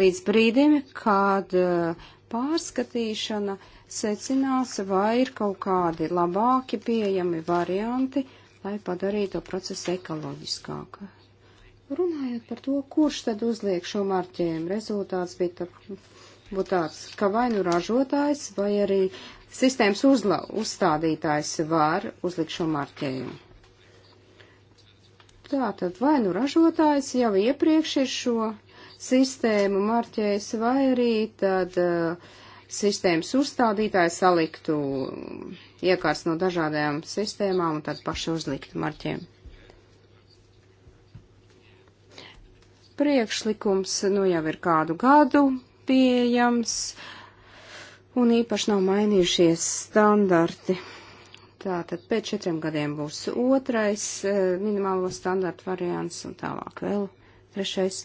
līdz brīdim, kad uh, pārskatīšana secinās, vai ir kaut kādi labāki pieejami varianti, lai padarītu procesu ekoloģiskāku. Runājot par to, kurš tad uzliek šo marķējumu, rezultāts bija būtu tāds, ka vai nu ražotājs, vai arī sistēmas uzla, uzstādītājs var uzlikt šo marķējumu. Tātad vai nu ražotājs jau iepriekš ir šo sistēmu marķējis, vai arī tad uh, sistēmas uzstādītājs saliktu iekārts no dažādajām sistēmām un tad paši uzliktu marķējumu. priekšlikums nu jau ir kādu gadu, pieejams, un īpaši nav mainījušies standarti. Tātad pēc četriem gadiem būs otrais eh, minimālo standartu variants un tālāk vēl trešais.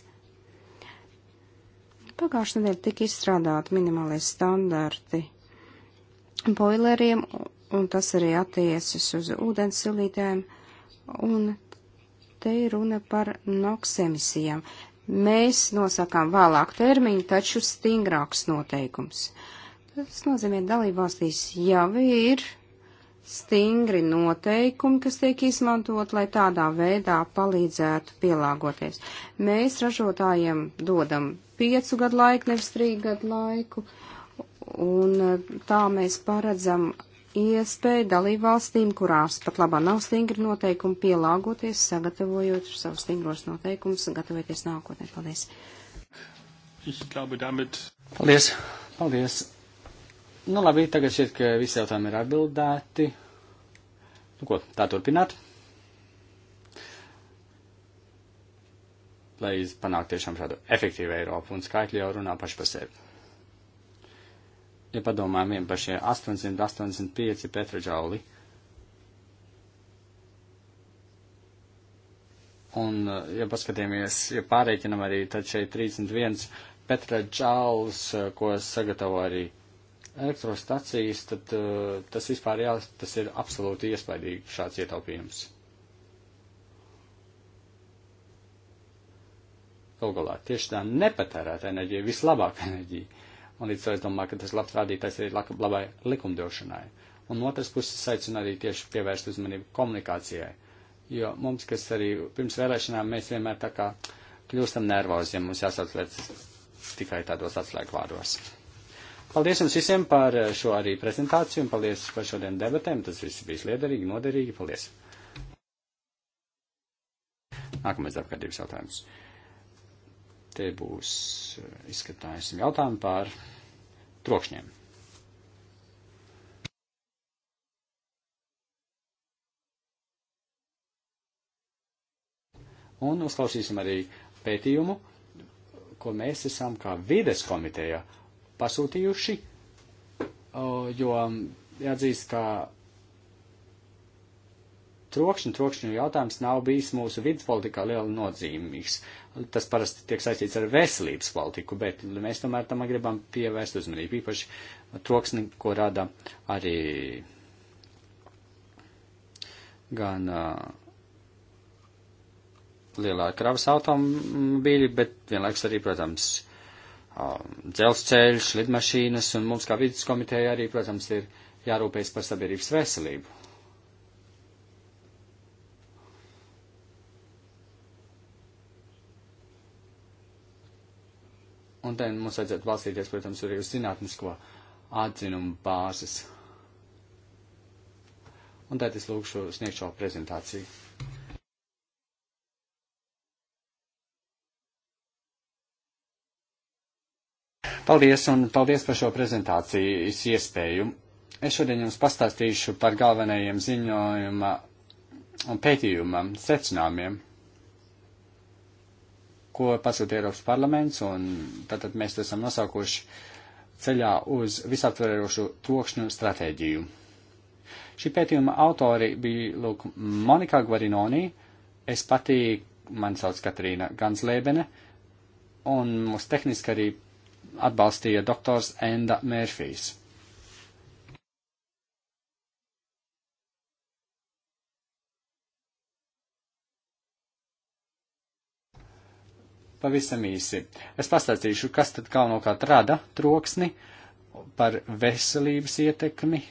Pagājušajā nedēļā tika izstrādāti minimālie standarti boileriem, un tas arī attiecas uz ūdens silītēm, un te ir runa par NOX emisijām. Mēs nosakām vēlāk termiņu, taču stingrāks noteikums. Tas nozīmē, dalībvalstīs jau ir stingri noteikumi, kas tiek izmantot, lai tādā veidā palīdzētu pielāgoties. Mēs ražotājiem dodam piecu gadu laiku, nevis trīs gadu laiku, un tā mēs paredzam iespēja dalībvalstīm, kurās pat labā nav stingri noteikumi, pielāgoties, sagatavojot savus stingros noteikumus, gatavoties nākotnē. Paldies! Glaube, damit... Paldies! Paldies! Nu labi, tagad šķiet, ka visi jautājumi ir atbildēti. Nu ko, tā turpināt? Lai panāktu tiešām šādu efektīvu Eiropu un skaitļi jau runā paši par sevi ja padomājam vien par šie 885 petražauli. Un, eh, ja paskatāmies, ja pārreikinam arī, tad šeit 31 petražauls, eh, ko sagatavo arī elektrostacijas, tad uh, tas vispār jā, tas ir absolūti iespaidīgi šāds ietaupījums. Galu galā tieši tā nepatērēta enerģija, vislabāka enerģija Un līdz ar to es domāju, ka tas labs rādītājs ir labai likumdošanai. Un no otras puses aicinu arī tieši pievērst uzmanību komunikācijai. Jo mums, kas arī pirms vēlēšanām, mēs vienmēr tā kā kļūstam nervozi, ja mums jāsauc lietas tikai tādos atslēgvārdos. Paldies jums visiem par eh, šo arī prezentāciju un paldies par šodien debatēm. Tas viss bija liederīgi, noderīgi. Paldies! Nākamais apkārtības jautājums. Te būs eh, izskatāsim jautājumu par trokšņiem. Un uzklausīsim arī pētījumu, ko mēs esam kā vides komiteja pasūtījuši, jo jāatzīst, ka trokšņu, trokšņu jautājums nav bijis mūsu vidas politikā liela nozīmīgs tas parasti tiek saistīts ar veselības politiku, bet mēs tomēr tam gribam pievērst uzmanību, īpaši troksni, ko rada arī gan uh, lielā kravas automobīļi, bet vienlaiks arī, protams, uh, dzelzceļš, lidmašīnas, un mums kā vidus komiteja arī, protams, ir jārūpējas par sabiedrības veselību. Un te mums vajadzētu balstīties, protams, arī uz zinātnisko atzinumu bāzes. Un tad es lūgšu sniegt šo prezentāciju. Paldies un paldies par šo prezentācijas iespēju. Es šodien jums pastāstīšu par galvenajiem ziņojuma un pētījuma secinājumiem ko pasūta Eiropas parlaments, un tātad mēs to esam nosaukuši ceļā uz visaptverošu trokšņu stratēģiju. Šī pētījuma autori bija, lūk, Monika Guarinoni, es patī, man sauc Katrīna Ganslēbene, un mūs tehniski arī atbalstīja doktors Enda Mērfijs. Pavisam īsi. Es pastāstīšu, kas tad galvenokārt rada troksni par veselības ietekmi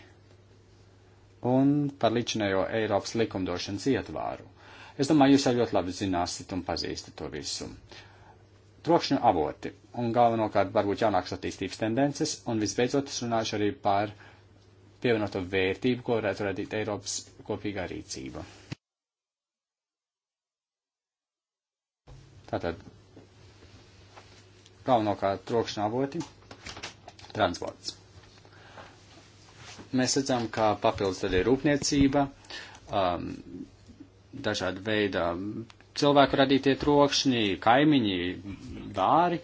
un par līdzinējo Eiropas likumdošanas ietvāru. Es domāju, jūs jau ļoti labi zināsiet un pazīstat to visu. Trokšņu avoti un galvenokārt varbūt jaunākas attīstības tendences, un visbeidzot es runāšu arī par pievienoto vērtību, ko varētu radīt Eiropas kopīgā rīcība. Tātad galvenokārt trokšņa avoti - transports. Mēs redzam, ka papildus tad ir rūpniecība, um, dažādi veidi cilvēku radītie trokšņi, kaimiņi, vāri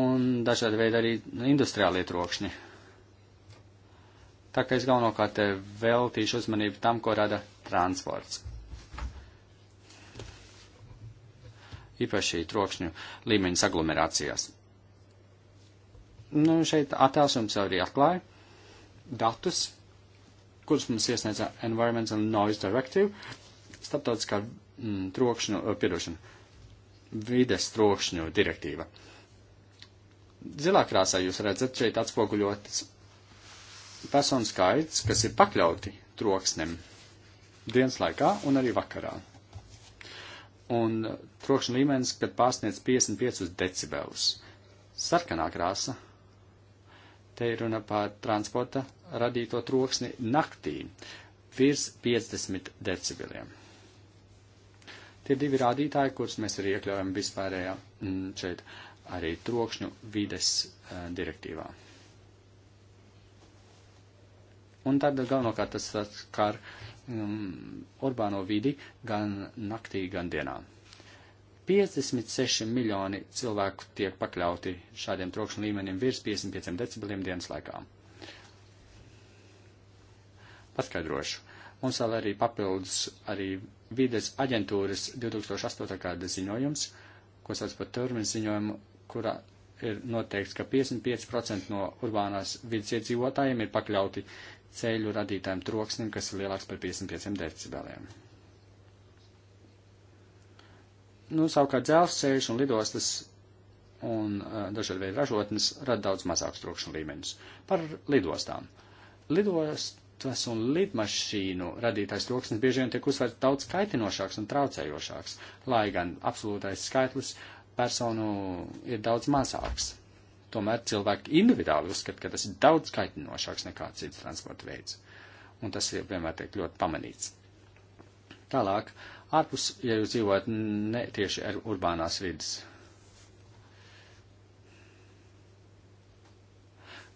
un dažādi veidi arī industriālie trokšņi. Tā kā es galvenokārt veltīšu uzmanību tam, ko rada transports. Īpaši trokšņu līmeņu aglomerācijās. Nu, šeit attēls jums jau arī atklāja datus, kurus mums iesniedza Environmental Noise Directive, starptautiskā mm, trokšņu, eh, piedošana, vides trokšņu direktīva. Zilā krāsā jūs redzat šeit atspoguļotas personu skaits, kas ir pakļauti troksnim dienas laikā un arī vakarā. Un eh, trokšņa līmenis, kad pārsniedz 55 decibelus. Sarkanā krāsa Te ir runa par transporta radīto troksni naktī virs 50 decibeliem. Tie divi rādītāji, kurus mēs arī iekļaujam vispārējā mm, šeit arī trokšņu vides eh, direktīvā. Un tad galvenokārt tas skar um, mm, urbāno vidi gan naktī, gan dienā. 56 miljoni cilvēku tiek pakļauti šādiem trokšņa līmenim virs 55 decibeliem dienas laikā. Paskaidrošu. Mums vēl arī papildus arī vides aģentūras 2008. gada ziņojums, ko sauc par turmes ziņojumu, kurā ir noteikts, ka 55% no urbānās vidas iedzīvotājiem ir pakļauti ceļu radītājiem troksnim, kas ir lielāks par 55 decibeliem. Nu, savukārt dzelzceļš un lidostas un uh, eh, dažādi veidi ražotnes rada daudz mazākus trokšņu līmeņus. Par lidostām. Lidostas un lidmašīnu radītais troksnis bieži vien tiek uzsvērts daudz kaitinošāks un traucējošāks, lai gan absolūtais skaitlis personu ir daudz mazāks. Tomēr cilvēki individuāli uzskata, ka tas ir daudz kaitinošāks nekā cits transporta veids. Un tas ir vienmēr tiek ļoti pamanīts. Tālāk, uh, ārpus, ja jūs dzīvojat ne tieši ar urbānās vidas.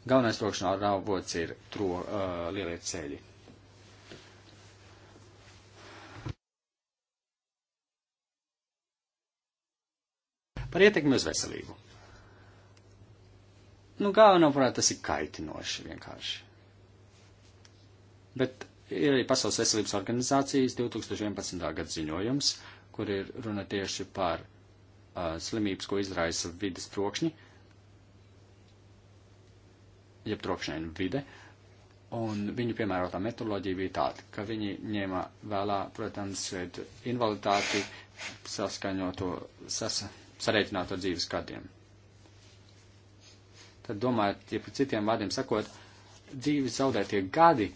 Galvenais trokšanā rāvots ir tro, uh, lielie ceļi. Par ietekmi uz veselību. Nu, galvenoprāt, tas ir kaitinoši vienkārši. Bet Ir arī Pasaules veselības organizācijas 2011. gada ziņojums, kur ir runa tieši par uh, slimības, ko izraisa vidas trokšņi, jeb trokšņaina vide. Un viņu piemērotā metodoloģija bija tāda, ka viņi ņēma vēlā, protams, invaliditāti saskaņoto, sas, sareikināto dzīves gadiem. Tad domājot, ja par citiem vārdiem sakot, dzīves zaudētie gadi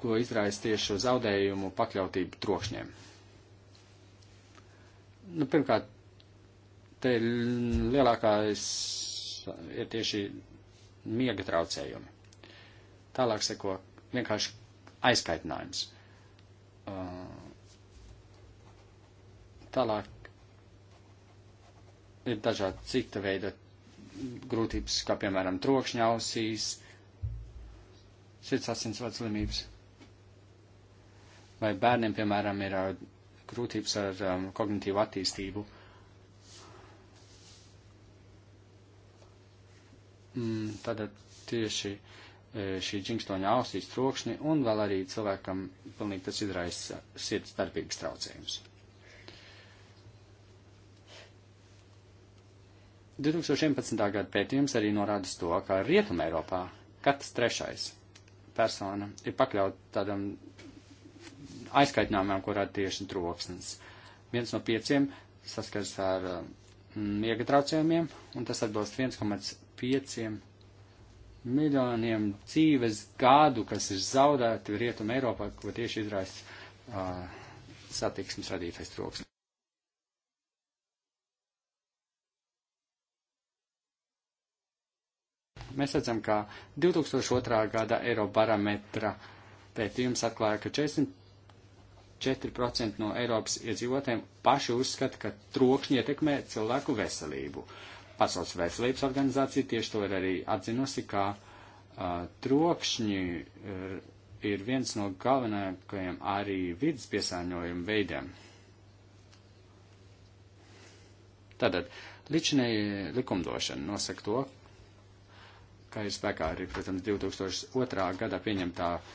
ko izraisa tieši šo zaudējumu pakļautību trokšņiem. Nu, pirmkārt, te lielākais ir tieši miega traucējumi. Tālāk seko vienkārši aizkaitinājums. Uh, tālāk ir dažādi cita veida grūtības, kā piemēram trokšņa ausīs, sirds asinsvads slimības vai bērniem, piemēram, ir uh, grūtības ar um, kognitīvu attīstību. Mm, tad tieši e, šī džingstoņa ausīs trokšņi un vēl arī cilvēkam pilnīgi tas izraisa sirds darbības traucējums. 2011. gada pētījums arī norāda to, ka Rietumē Eiropā katrs trešais persona ir pakļaut tādam aizkaitinājumiem, ko rada tieši troksnis. Viens no pieciem saskars ar um, miega traucējumiem, un tas atbilst 1,5 miljoniem dzīves gadu, kas ir zaudēti Rietuma Eiropā, ko tieši izraisa uh, satiksmes radītais troksnis. Mēs redzam, ka 2002. gada Eirobarometra pētījums atklāja, ka 40 4% no Eiropas iedzīvotājiem paši uzskata, ka trokšņi ietekmē cilvēku veselību. Pasaules veselības organizācija tieši to ir arī atzinusi, ka uh, trokšņi ir, ir viens no galvenākajiem arī vidas piesārņojuma veidiem. Tātad, ličinēja likumdošana nosaka to, ka ir spēkā arī, protams, 2002. gadā pieņemtā uh,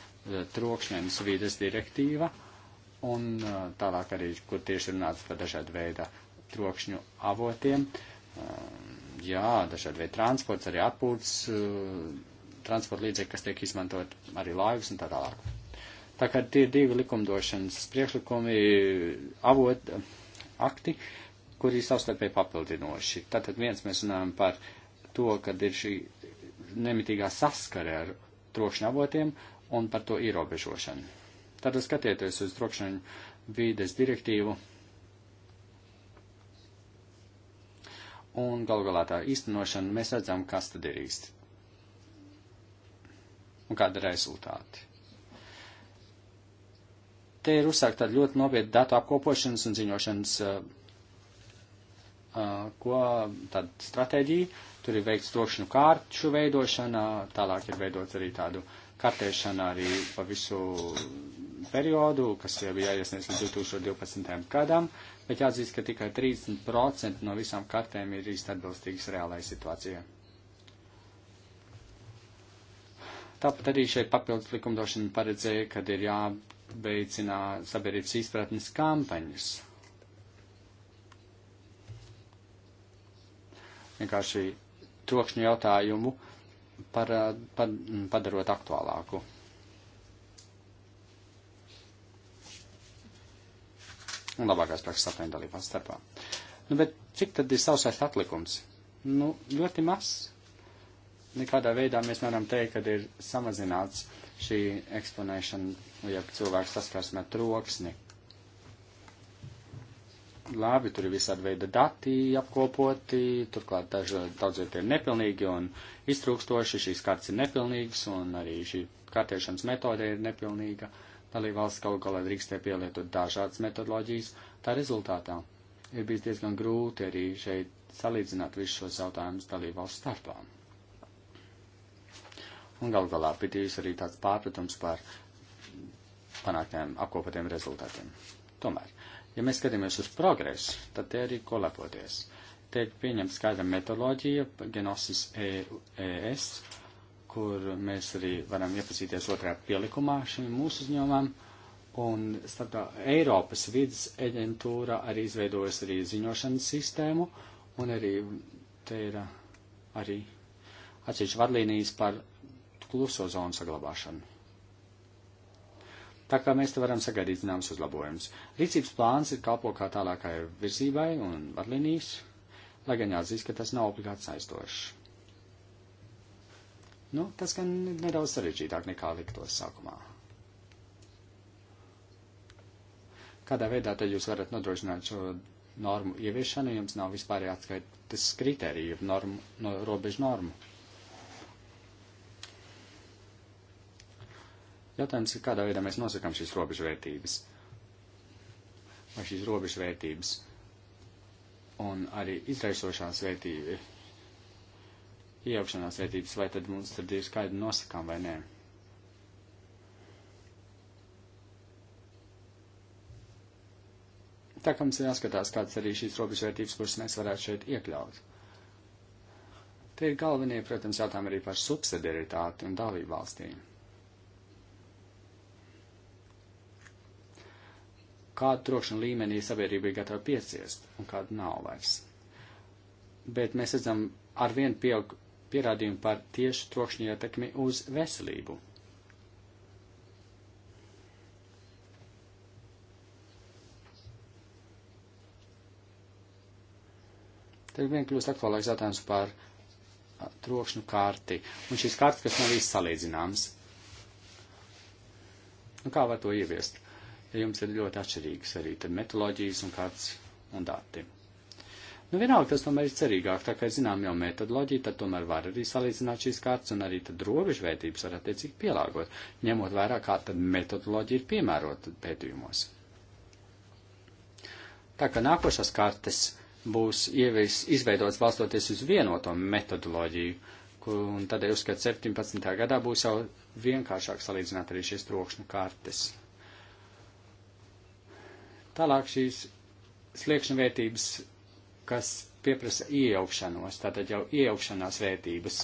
trokšņainas vides direktīva, uh, un uh, tālāk arī, kur tieši runāts par dažādu veidu trokšņu avotiem. Uh, jā, dažādi veidi transports, arī atpūtas uh, transporta līdzekļi, kas tiek izmantot arī laivas un tā tālāk. Tā kā tie ir divi likumdošanas priekšlikumi, avot akti, kuri savstarpēji papildinoši. Tātad viens mēs runājam par to, kad ir šī nemitīgā saskare ar trokšņa avotiem un par to ierobežošanu. Tātad skatieties uz trokšņu vīdes direktīvu. Un galu galā tā īstenošana mēs redzam, kas tad ir īsti. Un kāda ir rezultāti. Te ir uzsākt tāda ļoti nopietna datu apkopošanas un ziņošanas uh, ko tāda stratēģija, tur ir veikts trokšņu kārtu veidošana, tālāk ir veidots arī tādu kartēšana arī pa visu periodu, kas jau bija jāiesniedz līdz 2012. gadam, bet jāatzīst, ka tikai 30% no visām kartēm ir īsti atbilstīgas reālajai situācijai. Tāpat arī šeit papildus likumdošana paredzēja, kad ir jāveicina sabiedrības izpratnes kampaņas. Vienkārši trokšņu jautājumu par, par, padarot aktuālāku. un labākās prakses apvienu dalībās starpā. Nu, bet cik tad ir sausais atlikums? Nu, ļoti mazs. Nekādā veidā mēs nevaram teikt, ka ir samazināts šī eksponēšana, ja cilvēks saskarsme ar troksni. Labi, tur ir visādi veidi dati apkopoti, turklāt daži, daudziet ir nepilnīgi un iztrūkstoši, šīs kartas ir nepilnīgas un arī šī kartēšanas metode ir nepilnīga. Uh, dalībvalsts galu galā drīkstē pielietot dažādas metodoloģijas, tā rezultātā ir bijis diezgan grūti arī šeit salīdzināt visus šos jautājumus dalībvalsts starpā. Un galu galā pitīs arī tāds pārpratums par panāktiem apkopotiem rezultātiem. Tomēr, ja mēs skatāmies uz progresu, tad te arī ko lepoties. Tiek pieņemta skaidra metodoloģija, genosis ES, e, e kur mēs arī varam iepazīties otrajā pielikumā šim mūsu ziņojumam. Un starptā Eiropas vidas aģentūra arī izveidojas arī ziņošanas sistēmu, un arī te ir uh, arī atsevišķi vadlīnijas par kluso zonu saglabāšanu. Tā kā mēs te varam sagaidīt zināmas uzlabojumus. Rīcības plāns ir kalpo kā tālākai virzībai un vadlīnijas, lai gan jāatzīst, ka tas nav obligāti saistošs. Nu, tas gan nedaudz sarežģītāk nekā liktos sākumā. Kādā veidā tad jūs varat nodrošināt šo normu ieviešanu, ja jums nav vispār jāatskaitas kritēriju, normu, no robežu normu? Jautājums ir, kādā veidā mēs nosakām šīs robežu vērtības? Vai šīs robežu vērtības un arī izraisošās vērtības iejaukšanās vērtības, vai tad mums tad ir skaidri nosakām vai nē. Tā kā mums ir jāskatās, kādas arī šīs robežvērtības, kuras mēs varētu šeit iekļaut. Te ir galvenie, protams, jautājumi arī par subsidiaritāti un dalību valstīm. Kādu trokšņu līmenī sabiedrība ir gatava pieciest un kādu nav vairs. Bet mēs redzam, ar vienu pieaug pierādījumi par tiešu trokšņu ietekmi uz veselību. Tad vien kļūst aktuālāks jautājums par trokšņu kārti. Un šīs kārtas, kas nav īsti salīdzināmas. Nu, kā var to ieviest? Ja jums ir ļoti atšķirīgas arī metodoloģijas un kārtas un dati. Nu, vienalga, tas tomēr ir cerīgāk, tā kā zinām jau metodoloģiju, tad tomēr var arī salīdzināt šīs kārtas un arī tad robežvērtības var attiecīgi pielāgot, ņemot vērā, kā tad metodoloģija ir piemērota pētījumos. Tā kā nākošās kartes būs ievies, izveidotas balstoties uz vienoto metodoloģiju, un tad, ja uzskat 17. gadā, būs jau vienkāršāk salīdzināt arī šīs trokšņu kartes. Tālāk šīs sliekšņu vērtības kas pieprasa iejaukšanos, tātad jau iejaukšanās vērtības,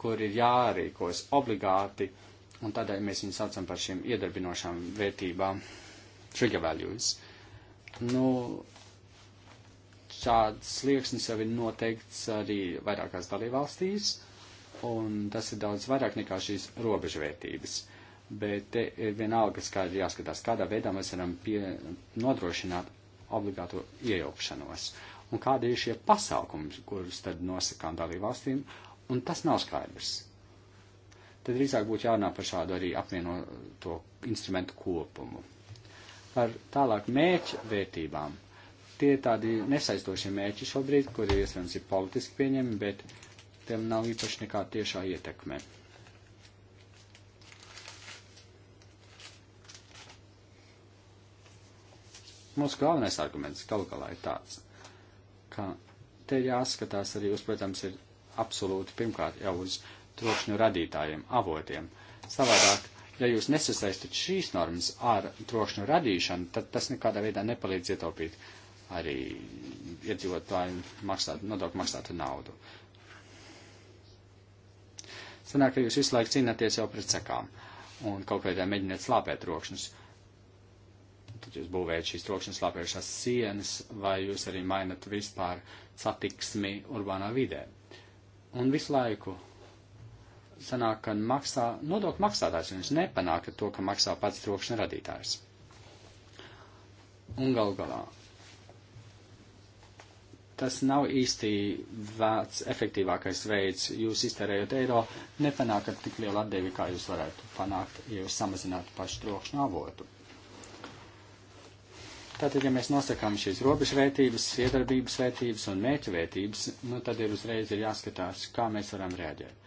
kur ir jārīkos obligāti, un tādēļ mēs viņus saucam par šīm iedarbinošām vērtībām, trigger values. Nu, šāds slieksnis jau ir noteikts arī vairākās dalībvalstīs, un tas ir daudz vairāk nekā šīs robežvērtības. Bet te ir vienalga, kā ir jāskatās, kādā veidā mēs varam pie, nodrošināt obligāto iejaukšanos un kādi ir šie pasākumi, kurus tad nosakām dalībvalstīm, un tas nav skaidrs. Tad drīzāk būtu jārunā par šādu arī apvienoto instrumentu kopumu. Par tālāk mēķu vērtībām. Tie ir tādi nesaistošie mēķi šobrīd, kuri iespējams ir politiski pieņemi, bet tiem nav īpaši nekā tiešā ietekme. Mūsu galvenais arguments galu galā ir tāds, ka te ir jāskatās arī uz, protams, ir absolūti pirmkārt jau uz trokšņu radītājiem, avotiem. Savādāk, ja jūs nesasaistat šīs normas ar trokšņu radīšanu, tad tas nekādā veidā nepalīdz ietaupīt arī iedzīvotāju maksāt, nodokļu maksātu naudu. Sanāk, ka jūs visu laiku cīnāties jau pret sekām un kaut kādā mēģiniet slāpēt trokšņus tad jūs būvējat šīs trokšņas slāpējušās sienas, vai jūs arī mainat vispār satiksmi urbānā vidē. Un visu laiku sanāk, ka maksā, nodokļu maksātājs viņš nepanāk to, ka maksā pats trokšņa radītājs. Un gal galā tas nav īsti vērts efektīvākais veids. Jūs iztērējot eiro, nepanākat tik lielu atdevi, kā jūs varētu panākt, ja jūs samazinātu pašu trokšņu avotu. Tātad, ja mēs nosakām šīs robežvērtības, iedarbības vērtības un mērķu vērtības, nu, tad ir uzreiz ir jāskatās, kā mēs varam rēģēt.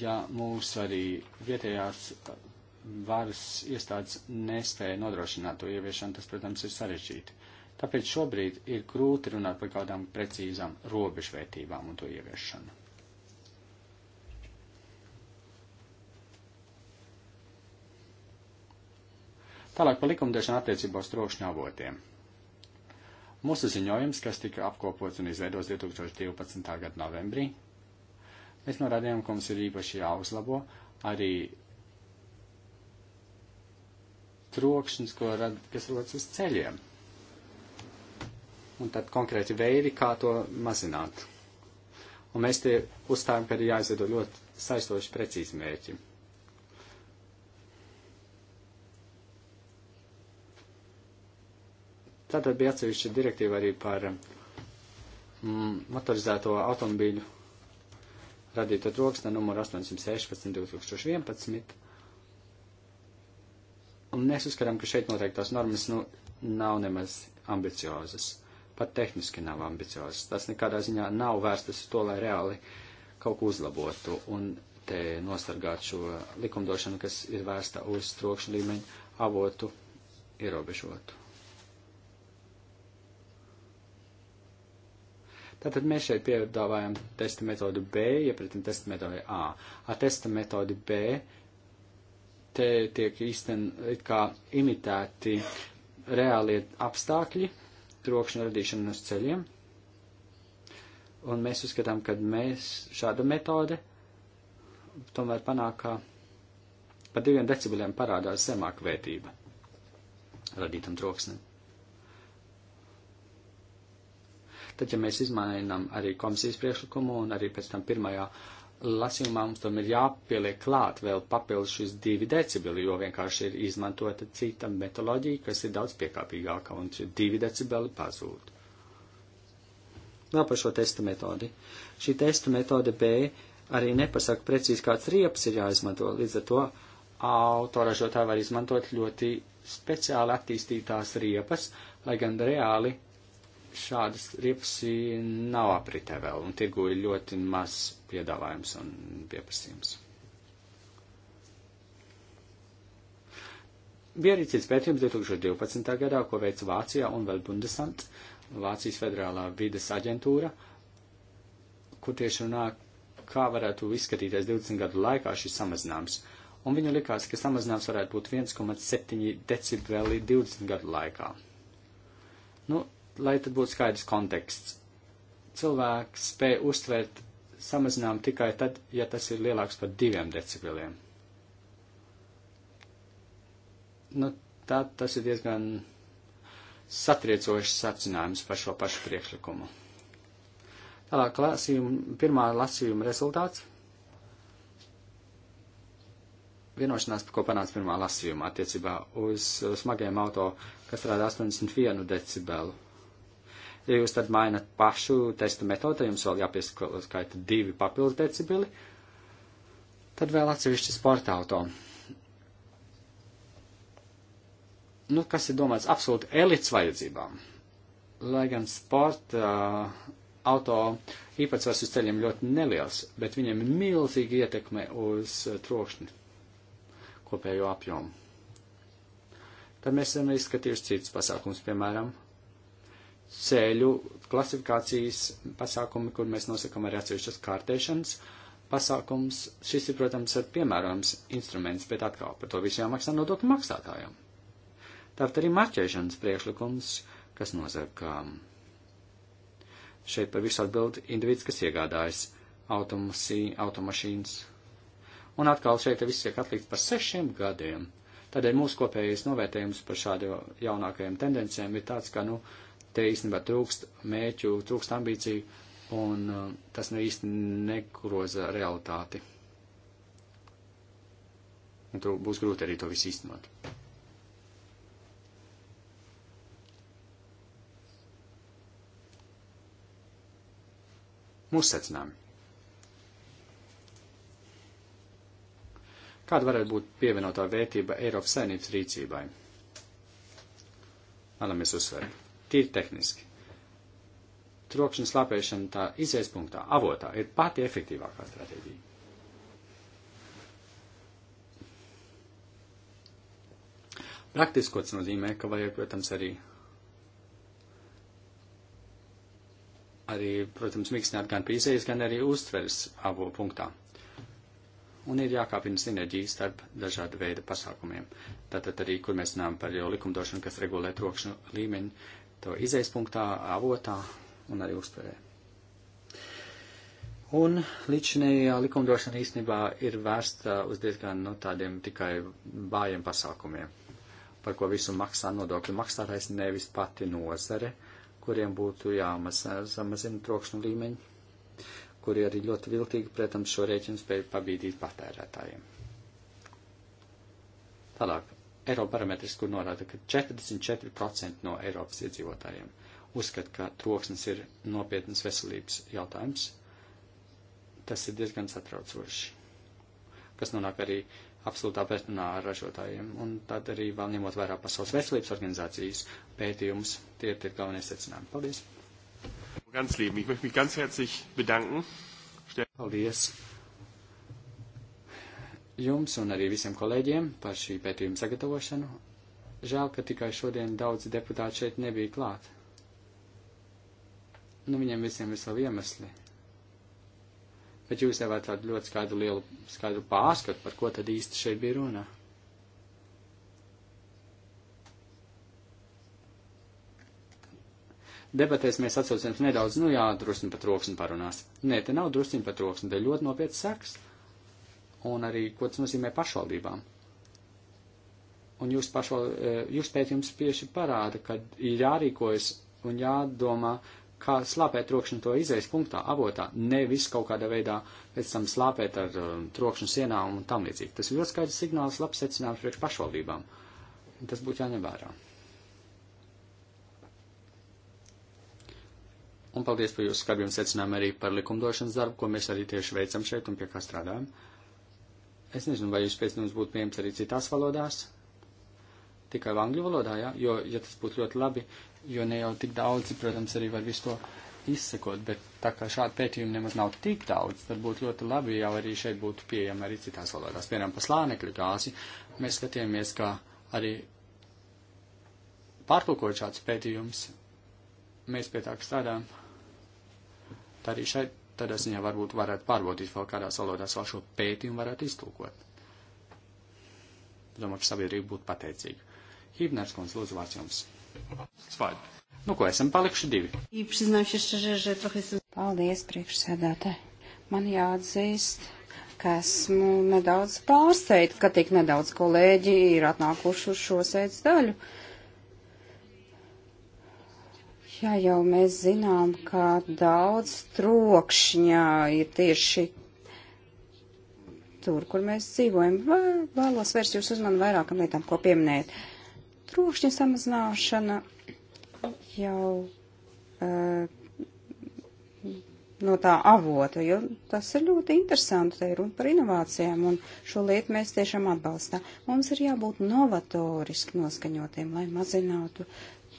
Ja mūsu arī vietējās uh, varas iestādes nespēja nodrošināt to ieviešanu, tas, protams, ir sarežģīti. Tāpēc šobrīd ir grūti runāt par kādām precīzām robežvērtībām un to ieviešanu. Tālāk par likumdošanu attiecībā uz trokšņavotiem. Mūsu ziņojums, kas tika apkopots un izveidots 2012. gada novembrī, mēs norādījām, ka mums ir īpaši jāuzlabo arī trokšņus, rad, kas rodas uz ceļiem. Un tad konkrēti veidi, kā to mazināt. Un mēs te uzstājam, ka ir jāizveido ļoti saistoši precīzi mērķi. Tātad bija atsevišķa direktīva arī par mm, motorizēto automobīļu radīto troksni numur 816 2011. Un mēs uzskatām, ka šeit noteiktās normas nu, nav nemaz ambiciozas. Pat tehniski nav ambiciozas. Tas nekādā ziņā nav vērstas uz to, lai reāli kaut ko uzlabotu un te nosargātu šo likumdošanu, kas ir vērsta uz trokšņa līmeņa avotu ierobežotu. Tātad mēs šeit piedāvājam testa metodu B, iepratim testa metodu A. Ar testa metodu B te tiek īsten it kā imitēti reālie apstākļi, trokšņa radīšana uz ceļiem. Un mēs uzskatām, ka mēs šāda metode tomēr panāk, ka par diviem decibeliem parādās zemāka vērtība radītam troksnim. Tad, ja mēs izmainām arī komisijas priekšlikumu un arī pēc tam pirmajā lasījumā mums tam ir jāpieliek klāt vēl papildus šis divi decibeli, jo vienkārši ir izmantota cita metoloģija, kas ir daudz piekāpīgāka, un šie divi decibeli pazūd. Vēl par šo testa metodi. Šī testa metode B arī nepasaka precīzi, kāds riepas ir jāizmanto, līdz ar to autoražotāji var izmantot ļoti speciāli attīstītās riepas, lai gan reāli šādas riepas nav apritē vēl, un tirgu ir ļoti maz piedāvājums un pieprasījums. Bija arī cits pētījums 2012. gadā, ko veica Vācijā un vēl Bundesant, Vācijas federālā vides aģentūra, kur tieši runā, kā varētu izskatīties 20 gadu laikā šis samazinājums. Un viņu likās, ka samazinājums varētu būt 1,7 decibeli 20 gadu laikā. Nu, lai tad būtu skaidrs konteksts. Cilvēks spēja uztvērt samazinājumu tikai tad, ja tas ir lielāks par diviem decibeliem. Nu, tā tas ir diezgan satriecošs sacinājums par šo pašu priekšlikumu. Tālāk lasījuma, pirmā lasījuma rezultāts. Vienošanās, ko panāca pirmā lasījuma attiecībā uz smagiem auto, kas rāda 81 decibelu Ja jūs tad mainat pašu testa metodu, jums vēl jāpieskaita divi papildus decibeli, tad vēl atsevišķi sporta auto. Nu, kas ir domāts absolūti elites vajadzībām. Lai gan sporta uh, auto īpatsvars uz ceļiem ļoti neliels, bet viņiem ir milzīga ietekme uz uh, trokšņu kopējo apjomu. Tad mēs esam izskatījuši citus pasākums, piemēram, ceļu klasifikācijas pasākumi, kur mēs nosakam arī atsevišķas kārtēšanas pasākums. Šis ir, protams, ir piemērojams instruments, bet atkal par to visu jāmaksā nodokļu maksātājiem. Tāpat arī marķēšanas priekšlikums, kas nosaka, ka um, šeit par visu atbild individs, kas iegādājas automasī, automašīnas. Un atkal šeit viss tiek atlikts par sešiem gadiem. Tādēļ mūsu kopējais novērtējums par šādu jaunākajiem tendencēm ir tāds, ka, nu, uh, te īstenībā trūkst mēķu, trūkst ambīciju, un uh, tas ne īsti nekroza realitāti. Un tur būs grūti arī to visu īstenot. Mūsu secinājumi. Kāda varētu būt pievienotā vērtība Eiropas saimnības rīcībai? Vēlamies uzsvērt tīri tehniski. Trokšņa slāpēšana tā izies punktā, avotā, ir pati efektīvākā stratēģija. Praktiskots nozīmē, ka vajag, protams, arī, arī protams, miksināt gan pīzējas, gan arī uztveres avo punktā un ir jākāpina sinerģija starp dažādu veidu pasākumiem. Tātad arī, kur mēs runājam par jau likumdošanu, kas regulē trokšņu līmeni, to izējas punktā, avotā un arī uztverē. Un līdšanējā likumdošana īstenībā ir vērsta uz diezgan no nu, tādiem tikai bājiem pasākumiem, par ko visu maksā nodokļu maksātājs nevis pati nozare, kuriem būtu jāmazina trokšņu līmeņi kuri arī ļoti viltīgi, protams, šo rēķinu spēju pabīdīt patērētājiem. Tālāk, Eirobarometrs, kur norāda, ka 44% no Eiropas iedzīvotājiem uzskata, ka troksnis ir nopietnas veselības jautājums. Tas ir diezgan satraucoši, kas nonāk arī absolūtā pretrunā ar ražotājiem, un tad arī vēl ņemot vērā Pasaules veselības organizācijas pētījumus, tie ir tie galvenie secinājumi. Paldies! Ganz lieben, ich möchte mich ganz herzlich bedanken. Paldies jums un arī visiem kolēģiem par šī pētījuma sagatavošanu. Žēl, ka tikai šodien daudz deputāti šeit nebija klāt. Nu, viņiem visiem ir savi iemesli. Bet jūs devāt tādu ļoti skaidru lielu skaidru pārskatu, par ko tad īsti šeit bija runa. debatēs mēs atsaucamies nedaudz, nu jā, drusni pat roksni parunās. Nē, te nav drusni pat roksni, te ļoti nopietns seks. Un arī, ko tas nozīmē pašvaldībām. Un jūs, pašval, e, jūs pētījums tieši parāda, ka ir jārīkojas un jādomā, kā slāpēt trokšņu to izējas punktā, avotā, nevis kaut kādā veidā pēc tam slāpēt ar um, trokšņu sienā un tam līdzīgi. Tas ir ļoti skaidrs signāls, labs secinājums priekš pašvaldībām. Tas būtu jāņem vērā. Un paldies par jūsu skarbiem secinājumiem arī par likumdošanas darbu, ko mēs arī tieši veicam šeit un pie kā strādājam. Es nezinu, vai jūs pēc mums būtu pieejams arī citās valodās, tikai angļu valodā, ja? jo, ja tas būtu ļoti labi, jo ne jau tik daudzi, protams, arī var visu to izsekot, bet tā kā šādi pētījumi nemaz nav tik daudz, tad būtu ļoti labi, ja arī šeit būtu pieejama arī citās valodās. Piemēram, pa slānekļu gāzi mēs skatījāmies, kā arī pārtulkot šāds pētījums, mēs pie tā strādājam. Tā arī šeit tādā ziņā varbūt varētu pārbaudīt vēl kādās valodās, vēl šo pētījumu varētu iztulkot. Domāju, ka sabiedrība būtu pateicīga. Hībners kundze, lūdzu, vārds jums. Svaid. Nu, ko esam palikuši divi? Paldies, priekšsēdētāji. Man jāatzīst, ka esmu nedaudz pārsteigta, ka tik nedaudz kolēģi ir atnākuši uz šo sēdes daļu. Uh, Jā, jau mēs zinām, ka daudz trokšņā ir tieši tur, kur mēs dzīvojam. Vēlos vērst jūs uzmanu vairākam lietām, ko pieminēt. Trokšņa samazināšana jau uh, no tā avota, jo tas ir ļoti interesanti, te ir runa par inovācijām, un šo lietu mēs tiešām atbalstām. Mums ir jābūt novatoriski noskaņotiem, lai mazinātu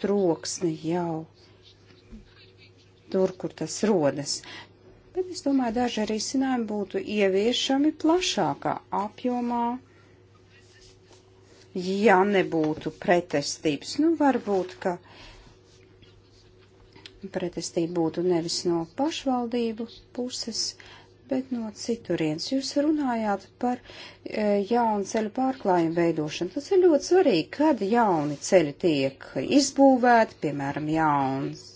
troksni jau tur, kur tas rodas. Bet es domāju, daži risinājumi būtu ieviešami plašākā apjomā, ja nebūtu pretestības. Nu, varbūt, ka pretestība būtu nevis no pašvaldību puses, bet no citurienes. Jūs runājāt par e, jaunu ceļu pārklājumu veidošanu. Tas ir ļoti svarīgi, kad jauni ceļi tiek izbūvēti, piemēram, jauns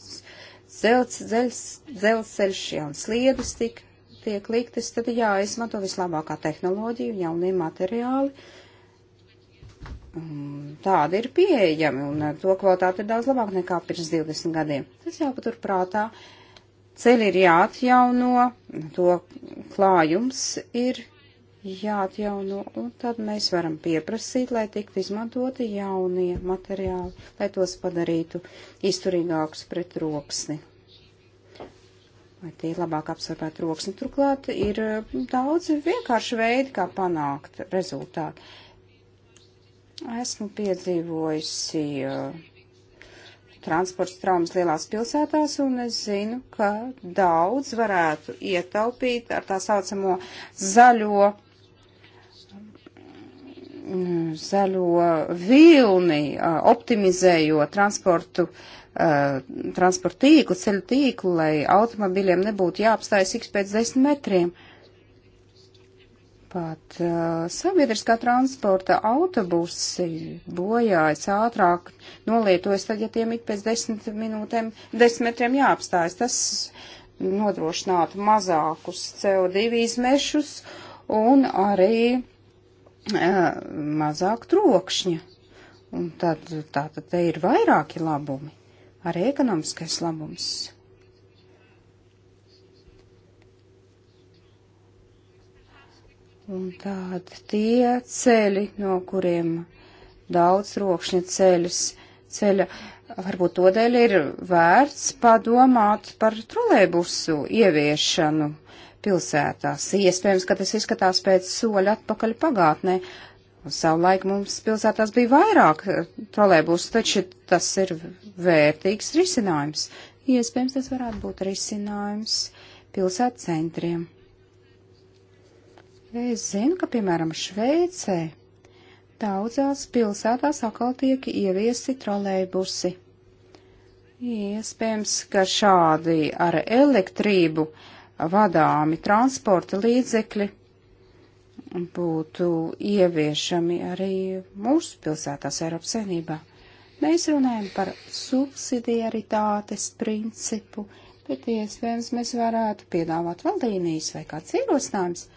dzelzceļš, jauns sliedas tik, tiek liktas, tad jāizmanto vislabākā tehnoloģija un jaunie materiāli. Tādi ir pieejami, un to kvalitāte ir daudz labāk nekā pirms 20 gadiem. Tas jāpatur prātā. Ceļi ir jāatjauno, to klājums ir jāatjauno, un tad mēs varam pieprasīt, lai tiktu izmantoti jaunie materiāli, lai tos padarītu izturīgākus pret roksni. Vai tie labāk apsargātu roksni. Turklāt ir mm, daudzi vienkārši veidi, kā panākt rezultātu. Esmu piedzīvojusi uh, transports traumas lielās pilsētās, un es zinu, ka daudz varētu ietaupīt ar tā saucamo zaļo zaļo vilni, optimizējot transportu, transportu tīklu, ceļu tīklu, lai automobiļiem nebūtu jāapstājas ik pēc desmit metriem. Pat sabiedriskā transporta autobusi bojājas ātrāk, nolietojas tad, ja tiem ik pēc desmit minūtēm, desmit metriem jāapstājas. Tas nodrošinātu mazākus CO2 izmešus un arī mazāk trokšņa. Un tad, tā, tad te ir vairāki labumi, arī ekonomiskais labums. Un tādi tie ceļi, no kuriem daudz rokšņa ceļus ceļa, varbūt todēļ ir vērts padomāt par trolēbusu ieviešanu pilsētās. Iespējams, ka tas izskatās pēc soļa atpakaļ pagātnē. Savulaik mums pilsētās bija vairāk eh, trolēbūs, taču tas ir vērtīgs risinājums. Iespējams, tas varētu būt risinājums pilsētu centriem. Es zinu, ka, piemēram, Šveicē daudzās pilsētās atkal tiek ieviesti trolēbusi. Iespējams, ka šādi ar elektrību uh, vadāmi transporta līdzekļi būtu ieviešami arī mūsu pilsētās Eiropas saimnībā. Mēs runājam par subsidiaritātes principu, bet iespējams mēs varētu piedāvāt valdīnijas vai kāds ierosinājums,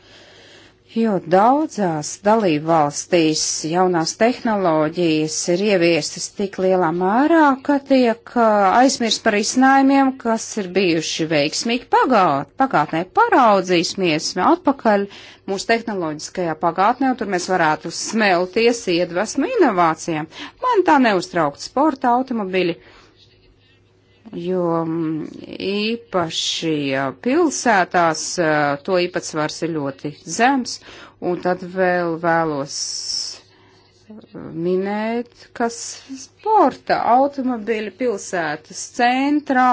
Jo daudzās dalību valstīs jaunās tehnoloģijas ir ieviestas tik lielā mērā, ka tiek uh, aizmirst par izcinājumiem, kas ir bijuši veiksmīgi pagāt, pagātnē. Paraudzīsimies atpakaļ mūsu tehnoloģiskajā pagātnē, un tur mēs varētu smelties iedvesmu inovācijām. Man tā neuztraukt sporta automobiļi jo mm, īpaši pilsētās to īpatsvars ir ļoti zems, un tad vēl vēlos minēt, ka sporta automobīļi pilsētas centrā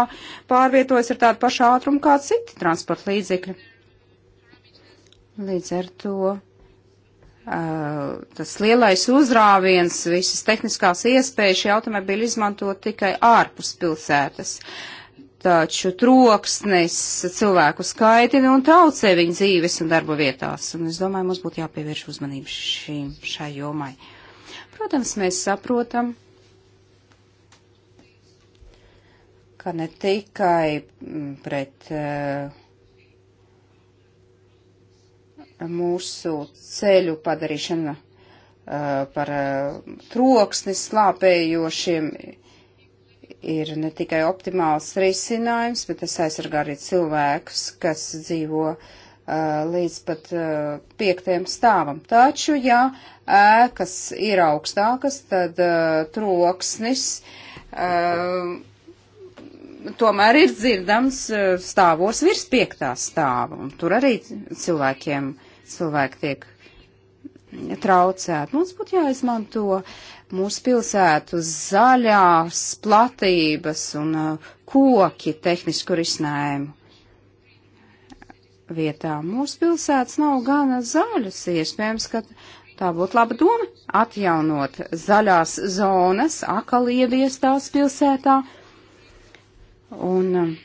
pārvietojas ar tādu pašu ātrumu kā citi transporta līdzekļi. Līdz ar to Eh, tas lielais uzrāviens, visas tehniskās iespējas šie automobīļi izmanto tikai ārpus pilsētas. Taču troksnis cilvēku skaitina nu, un traucē viņu dzīves un darba vietās. Un es domāju, mums būtu jāpievērš uzmanību šīm, šai jomai. Protams, mēs saprotam, ka ne tikai mm, pret. Uh, mūsu ceļu padarīšana eh, par eh, troksni slāpējošiem ir ne tikai optimāls risinājums, bet tas aizsargā arī cilvēkus, kas dzīvo eh, līdz pat piektajam stāvam. Taču, ja ēkas ir augstākas, tad troksnis tomēr ir dzirdams stāvos virs piektā stāva, un tur arī cilvēkiem cilvēki tiek traucēt. Mums būtu jāizmanto mūsu pilsētu zaļās platības un uh, koki tehnisku risinājumu vietā. Mūsu pilsētas nav gana zaļas, iespējams, ka tā būtu laba doma atjaunot zaļās zonas, akal ieviest tās pilsētā. Un um,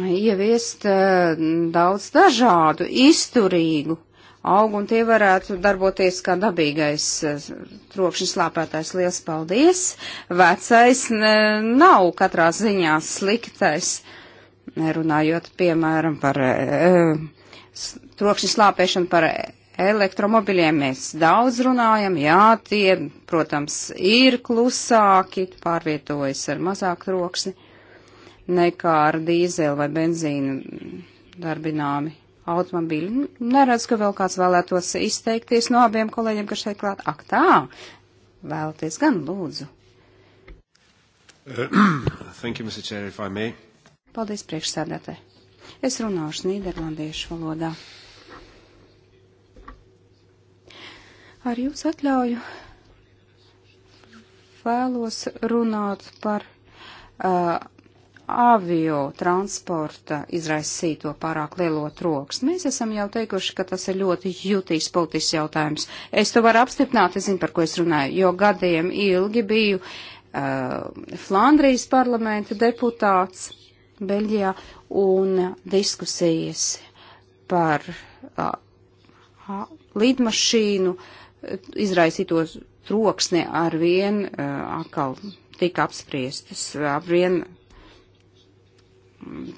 ieviest eh, daudz dažādu, izturīgu augu, un tie varētu darboties kā dabīgais eh, trokšņa slāpētājs. Liels paldies! Vecais nav katrā ziņā sliktais, runājot, piemēram, par eh, trokšņa slāpēšanu par elektromobiļiem mēs daudz runājam, jā, tie, protams, ir klusāki, pārvietojas ar mazāk troksni, nekā ar dīzeļu vai benzīnu darbināmi automobīļi. Neredz, ka vēl kāds vēlētos izteikties no abiem kolēģiem, kas šeit klāt. Ak tā, vēlaties gan lūdzu. Uh, [CLEARS THROAT] thank you, Mr. Chair, if I may. Paldies, priekšsēdētē. Es runāšu nīderlandiešu valodā. Ar jūsu atļauju vēlos runāt par uh, avio transporta izraisīto pārāk lielo troksni. Mēs esam jau teikuši, ka tas ir ļoti jūtīgs politisks jautājums. Es to varu apstiprināt, es zinu, par ko es runāju, jo gadiem ilgi biju uh, Flandrijas parlamenta deputāts Beļģijā un diskusijas par uh, lidmašīnu uh, izraisīto troksni ar vien uh, atkal tika apspriestas, ar vien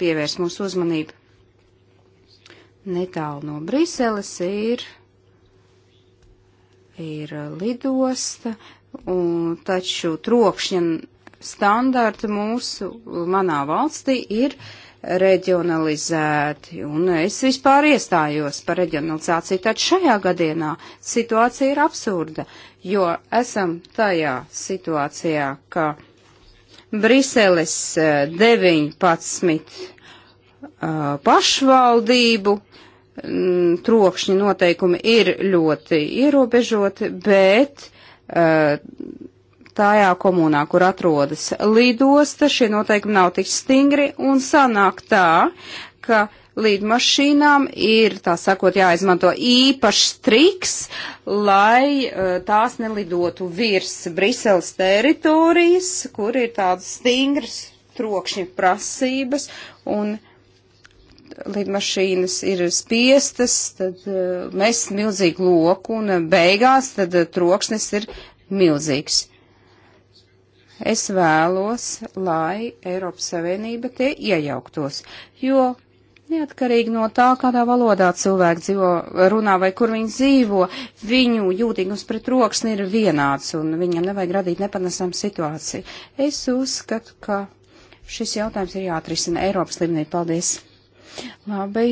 pievērst mūsu uzmanību. Netālu no Briseles ir, ir lidosta, un taču trokšņa standarti mūsu manā valstī ir reģionalizēti, un es vispār iestājos par reģionalizāciju, taču šajā gadienā situācija ir absurda, jo esam tajā situācijā, ka Briseles 19 eh, eh, pašvaldību mm, trokšņa noteikumi ir ļoti ierobežoti, bet eh, tajā komunā, kur atrodas lidosta, šie noteikumi nav tik stingri un sanāk tā, ka lidmašīnām ir, tā sakot, jāizmanto īpašs triks, lai uh, tās nelidotu virs Briseles teritorijas, kur ir tādas stingras trokšņa prasības un lidmašīnas ir spiestas, tad uh, e, mēs milzīgu loku un beigās tad uh, e, trokšņas ir milzīgs. Es vēlos, lai Eiropas Savienība tie iejauktos, jo Neatkarīgi no tā, kādā valodā cilvēki dzīvo, runā vai kur viņi dzīvo, viņu jūtīgums pret roksni ir vienāds un viņam nevajag radīt nepanesam situāciju. Es uzskatu, ka šis jautājums ir jāatrisina Eiropas līmenī. Paldies! Labi,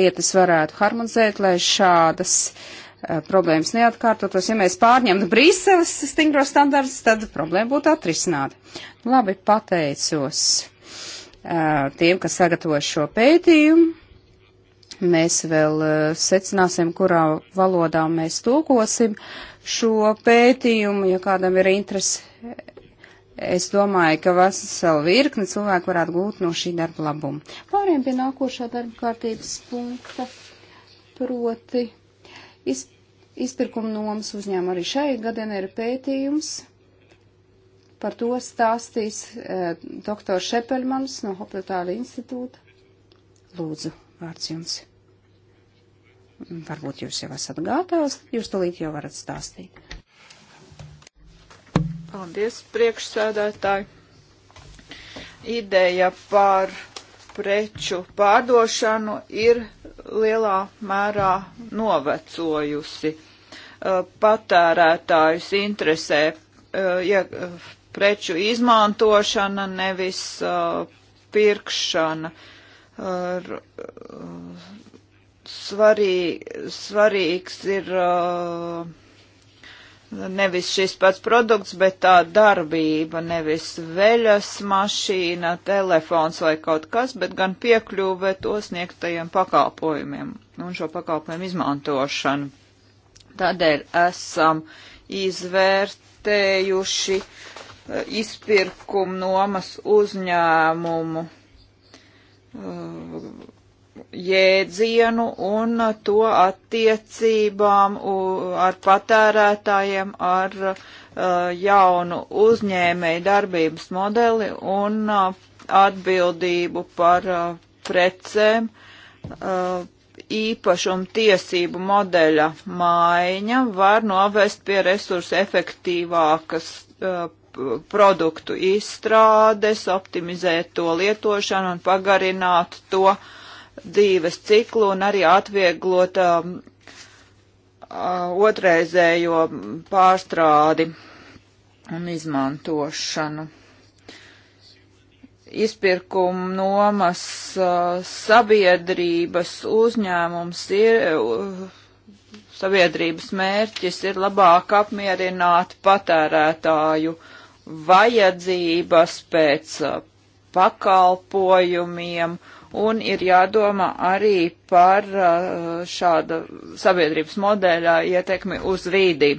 lietas varētu harmonizēt, lai šādas uh, problēmas neatkārtotos. Ja mēs pārņemtu Brīseles stingros standarts, tad problēma būtu atrisināta. Labi, pateicos Eh, tiem, kas sagatavo šo pētījumu. Mēs vēl eh, secināsim, kurā valodā mēs tulkosim šo pētījumu, ja kādam ir interesi. Es domāju, ka vesela virkne cilvēku varētu gūt no šī darba labumu. Pāriem pie nākošā darba kārtības punkta, proti iz, izpirkuma nomas uzņēma arī šai gadienē ir pētījums Par to stāstīs eh, dr. Šepeļmans no Hopitāla institūta. Lūdzu, vārds jums. Varbūt jūs jau esat gatavs, jūs talīt jau varat stāstīt. Paldies, priekšsēdētāji. Ideja par preču pārdošanu ir lielā mērā novecojusi. Eh, patērētājus interesē eh, ja preču izmantošana, nevis uh, pirkšana. Ar, uh, uh, svarī, svarīgs ir uh, nevis šis pats produkts, bet tā darbība, nevis veļas mašīna, telefons vai kaut kas, bet gan piekļuve to sniegtajiem pakalpojumiem un šo pakalpojumu izmantošanu. Tādēļ esam izvērtējuši uh, izpirkumu nomas uzņēmumu uh, jēdzienu un to attiecībām ar patērētājiem, ar uh, jaunu uzņēmēju darbības modeli un uh, atbildību par precēm, īpašuma tiesību modeļa maiņa var novest pie resursu efektīvākas produktu izstrādes, optimizēt to lietošanu un pagarināt to dzīves ciklu un arī atvieglot um, uh, otrreizējo pārstrādi un izmantošanu. Izpirkuma nomas uh, sabiedrības uzņēmums ir, uh, sabiedrības mērķis ir labāk apmierināt patērētāju uh, vajadzības pēc uh, pakalpojumiem un ir jādomā arī par uh, šāda sabiedrības modeļa ietekmi uz vīdi.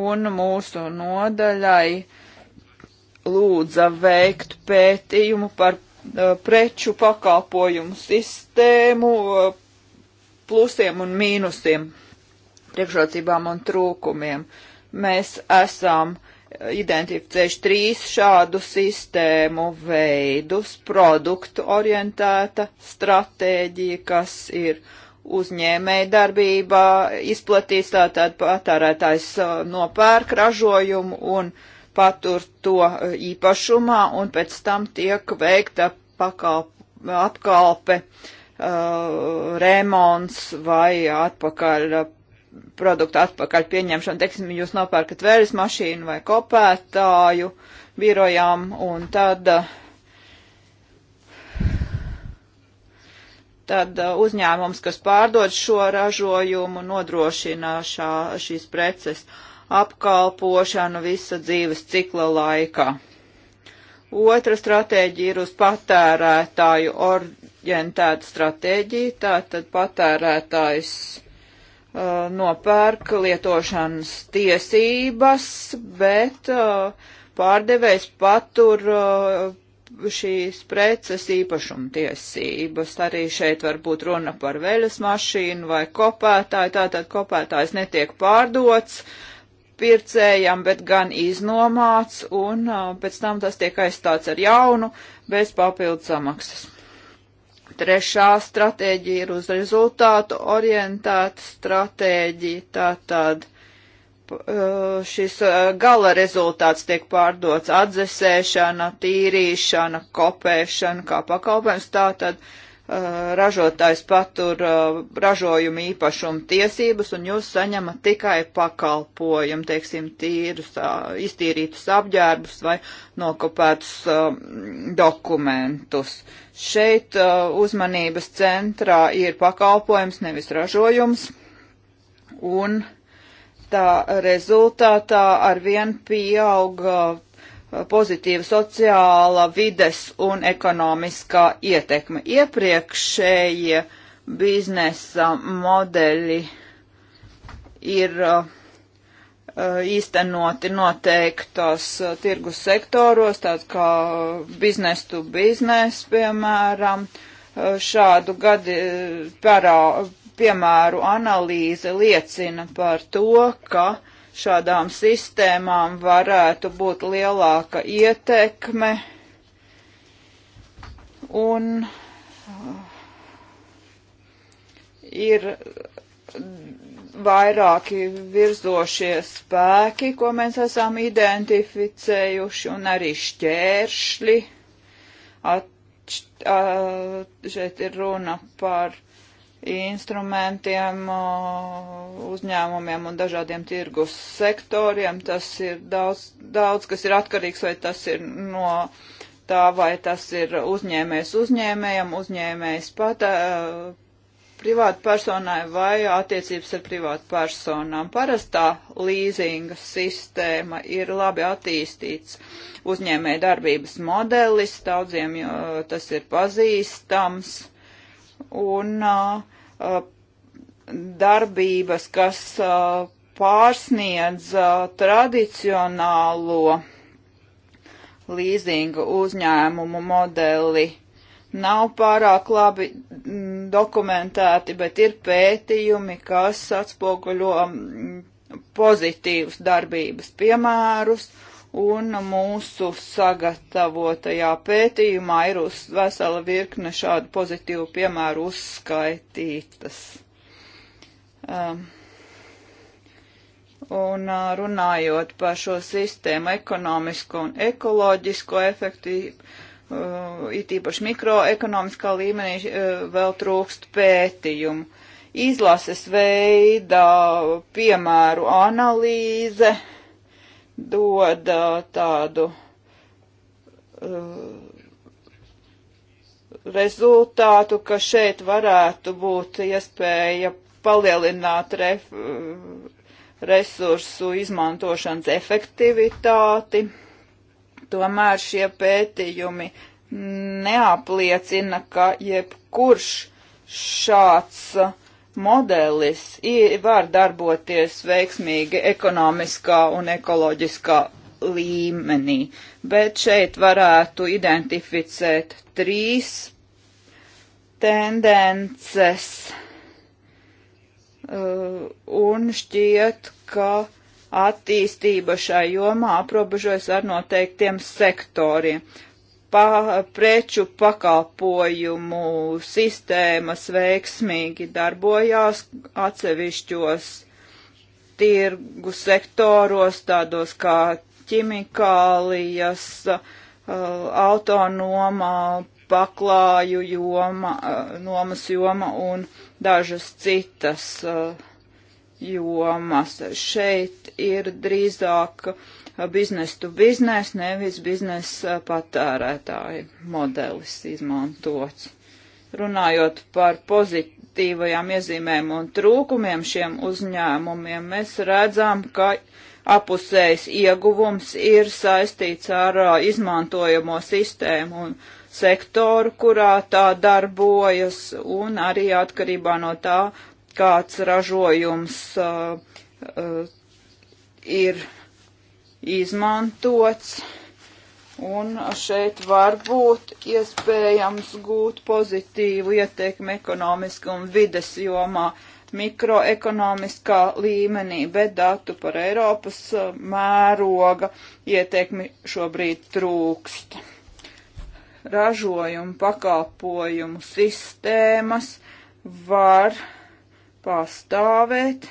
Un mūsu nodaļai lūdza veikt pētījumu par uh, preču pakalpojumu sistēmu plusiem un mīnusiem, priekšrocībām un trūkumiem. Mēs esam uh, identificējuši trīs šādu sistēmu veidus - produktu orientēta stratēģija, kas ir uzņēmēja darbībā izplatīts tātad patērētājs uh, nopērk ražojumu un patur to uh, īpašumā un pēc tam tiek veikta pakalp, apkalpe, uh, remonts vai atpakaļ produktu atpakaļ pieņemšanu. Teiksim, jūs nopērkat vēres mašīnu vai kopētāju birojām un tad, tad uzņēmums, kas pārdod šo ražojumu, nodrošina šā, šīs preces apkalpošanu visa dzīves cikla laikā. Otra stratēģija ir uz patērētāju orientēta stratēģija, tātad patērētājs uh, nopērk lietošanas tiesības, bet uh, pārdevējs patur uh, šīs preces īpašumtiesības. Arī šeit var būt runa par veļas mašīnu vai kopētāju. Tātad kopētājs netiek pārdots pircējam, bet gan iznomāts, un pēc tam tas tiek aizstāts ar jaunu bez papildus samaksas. Trešā stratēģija ir uz rezultātu orientēta stratēģija, tātad uh, šis uh, gala rezultāts tiek pārdots atzesēšana, tīrīšana, kopēšana kā pakalpojums, tātad Uh, ražotājs patur uh, ražojumu īpašumu tiesības un jūs saņemat tikai pakalpojumu, teiksim, tīrus, uh, iztīrītus apģērbus vai nokopētus um, dokumentus. Šeit uzmanības centrā ir pakalpojums, nevis ražojums, un tā rezultātā arvien pieauga pozitīva sociāla, vides un ekonomiskā ietekme. Iepriekšējie biznesa modeļi ir uh, uh, īstenoti noteiktos uh, tirgus sektoros, tāds kā biznes to biznes, piemēram, šādu gadi parā, piemēru analīze liecina par to, ka uh, šādām sistēmām varētu būt lielāka ietekme un uh, ir vairāki virzošie spēki, ko mēs esam identificējuši, un arī šķēršļi. At, uh, šeit ir runa par instrumentiem, uzņēmumiem un dažādiem tirgus sektoriem. Tas ir daudz, daudz kas ir atkarīgs, vai tas ir no tā, vai tas ir uzņēmējs uzņēmējam, uzņēmējs pat e, privātu personai vai attiecības ar privātu personām. Parastā līzinga sistēma ir labi attīstīts uzņēmēja darbības modelis, daudziem e, tas ir pazīstams. Un uh, Uh, darbības, kas uh, pārsniedz uh, tradicionālo līzinga uzņēmumu modeli nav pārāk labi mm, dokumentēti, bet ir pētījumi, kas atspoguļo mm, pozitīvus darbības piemērus un mūsu sagatavotajā pētījumā ir uz vesela virkne šādu pozitīvu piemēru uzskaitītas. Um, un uh, runājot par šo sistēmu ekonomisko un ekoloģisko efektīvu, uh, it īpaši mikroekonomiskā līmenī uh, vēl trūkst pētījumu. Izlases veida piemēru analīze, uh, dod tādu uh, rezultātu, ka šeit varētu būt iespēja palielināt ref, uh, resursu izmantošanas efektivitāti. Tomēr šie pētījumi neapliecina, ka jebkurš šāds uh, modelis var darboties veiksmīgi ekonomiskā un ekoloģiskā līmenī, bet šeit varētu identificēt trīs tendences. Uh, un šķiet, ka attīstība šai jomā aprobežojas ar noteiktiem sektoriem pa, preču pakalpojumu sistēmas veiksmīgi darbojās atsevišķos tirgu sektoros, tādos kā ķimikālijas, uh, autonomā paklāju joma, uh, nomas joma un dažas citas uh, jomas. Šeit ir drīzāk uh, biznes to biznes, nevis biznes patērētāji modelis izmantots. Runājot par pozitīvajām iezīmēm un trūkumiem šiem uzņēmumiem, mēs redzam, ka apusējs ieguvums ir saistīts ar izmantojamo sistēmu un sektoru, kurā tā darbojas, un arī atkarībā no tā, kāds ražojums uh, uh, ir izmantots. Un šeit var būt iespējams gūt pozitīvu ieteikumu ekonomiski un vides jomā mikroekonomiskā līmenī, bet datu par Eiropas eh, mēroga ieteikumi šobrīd trūkst. Ražojumu pakalpojumu sistēmas var pastāvēt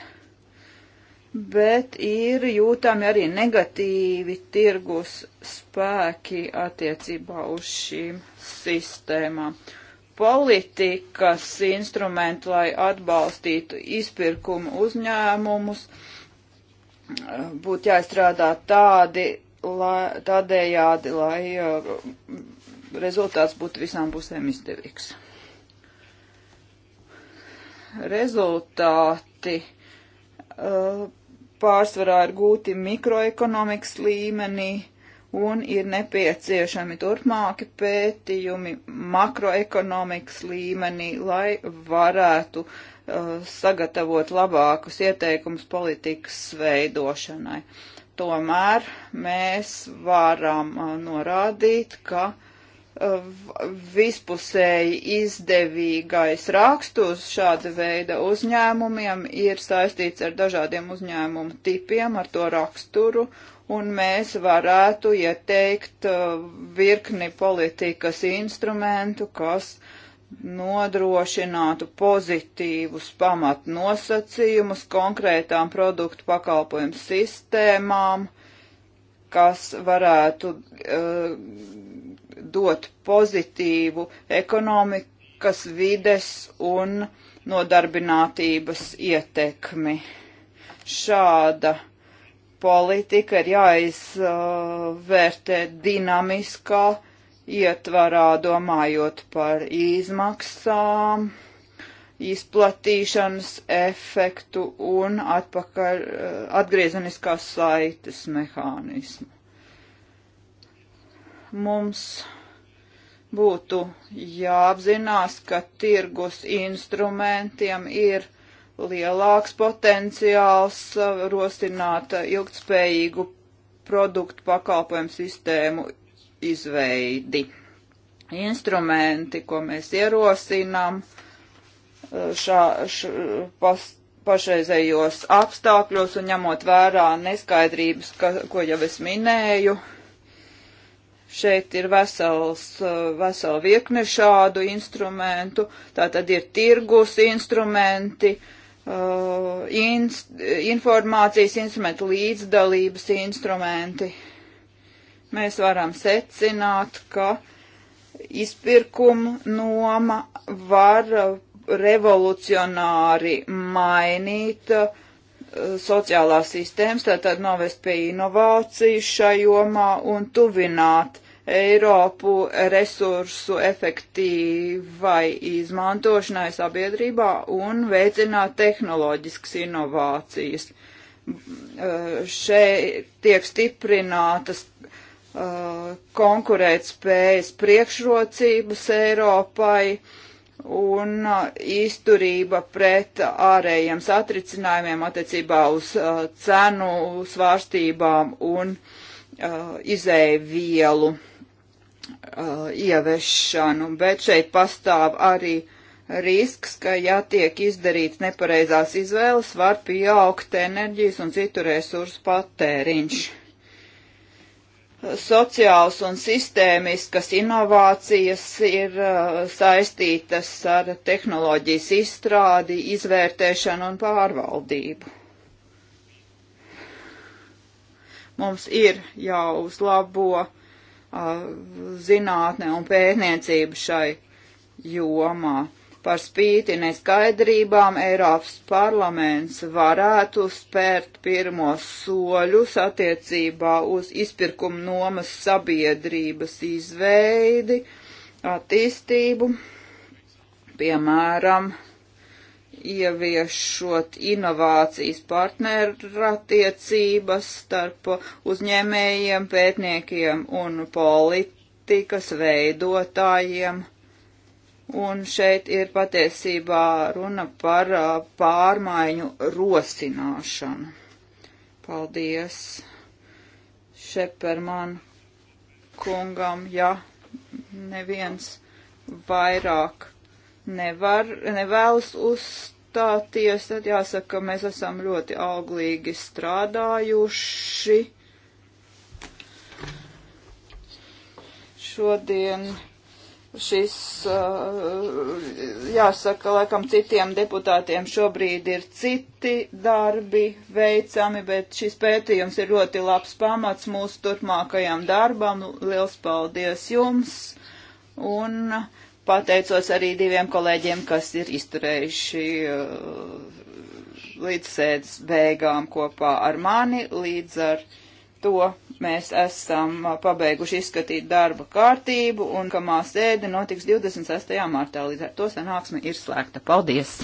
bet ir jūtami arī negatīvi tirgus spēki attiecībā uz šīm sistēmām. Politikas instrumenti, lai atbalstītu izpirkumu uzņēmumus, būtu jāizstrādā tādi, lai, tādējādi, lai uh, rezultāts būtu visām pusēm izdevīgs. Rezultāti uh, pārsvarā ir gūti mikroekonomikas līmenī un ir nepieciešami turpmāki pētījumi makroekonomikas līmenī, lai varētu uh, sagatavot labākus ieteikumus politikas veidošanai. Tomēr mēs varam uh, norādīt, ka uh, vispusēji izdevīgais raksturs šāda veida uzņēmumiem ir saistīts ar dažādiem uzņēmumu tipiem, ar to raksturu, un mēs varētu ieteikt uh, virkni politikas instrumentu, kas nodrošinātu pozitīvus pamatnosacījumus konkrētām produktu pakalpojumu sistēmām, kas varētu uh, dot pozitīvu ekonomikas, vides un nodarbinātības ietekmi. Šāda politika ir jāizvērtē dinamiskā ietvarā, domājot par izmaksām, izplatīšanas efektu un atpakaļ, eh, atgriezeniskās saites mehānismu mums būtu jāapzinās, ka tirgus instrumentiem ir lielāks potenciāls rosināt ilgtspējīgu produktu pakalpojumu sistēmu izveidi. Instrumenti, ko mēs ierosinām šā, š, pas, pašreizējos apstākļos un ņemot vērā neskaidrības, ka, ko jau es minēju, uh, Šeit ir vesels, eh, vesela virkne šādu instrumentu, tā tad ir tirgus instrumenti, uh, eh, inst, informācijas instrumenti, līdzdalības instrumenti. Mēs varam secināt, ka izpirkuma noma var eh, revolucionāri mainīt uh, sociālās sistēmas, tātad novest pie inovāciju šajomā un tuvināt Eiropu resursu efektīvai izmantošanai sabiedrībā un veicināt tehnoloģiskas inovācijas. Eh, šeit tiek stiprinātas eh, konkurētspējas priekšrocības Eiropai un eh, izturība pret ārējiem satricinājumiem attiecībā uz cenu svārstībām un izēvielu vielu uh, ieviešanu, bet šeit pastāv arī risks, ka, ja tiek izdarīts nepareizās izvēles, var pieaugt enerģijas un citu resursu patēriņš. Sociāls un sistēmiskas inovācijas ir uh, saistītas ar tehnoloģijas izstrādi, izvērtēšanu un pārvaldību. Mums ir jāuzlabo uh, zinātne un pētniecība šai jomā. Par spīti neskaidrībām Eiropas parlaments varētu spērt pirmos soļus attiecībā uz izpirkuma nomas sabiedrības izveidi, attīstību, piemēram, ieviešot inovācijas partnerattiecības starp uzņēmējiem, pētniekiem un politikas veidotājiem. Un šeit ir patiesībā runa par pārmaiņu rosināšanu. Paldies Šeperman kungam, ja neviens vairāk nevar, nevēlas uzstāt uzstāties, tad jāsaka, ka mēs esam ļoti auglīgi strādājuši. Šodien šis, uh, jāsaka, laikam citiem deputātiem šobrīd ir citi darbi veicami, bet šis pētījums ir ļoti labs pamats mūsu turpmākajam darbam. Liels paldies jums! Un pateicos arī diviem kolēģiem, kas ir izturējuši uh, līdz sēdes beigām kopā ar mani. Līdz ar to mēs esam uh, pabeiguši izskatīt darba kārtību un kamā sēde notiks 26. martā. Līdz ar to sanāksme ir slēgta. Paldies!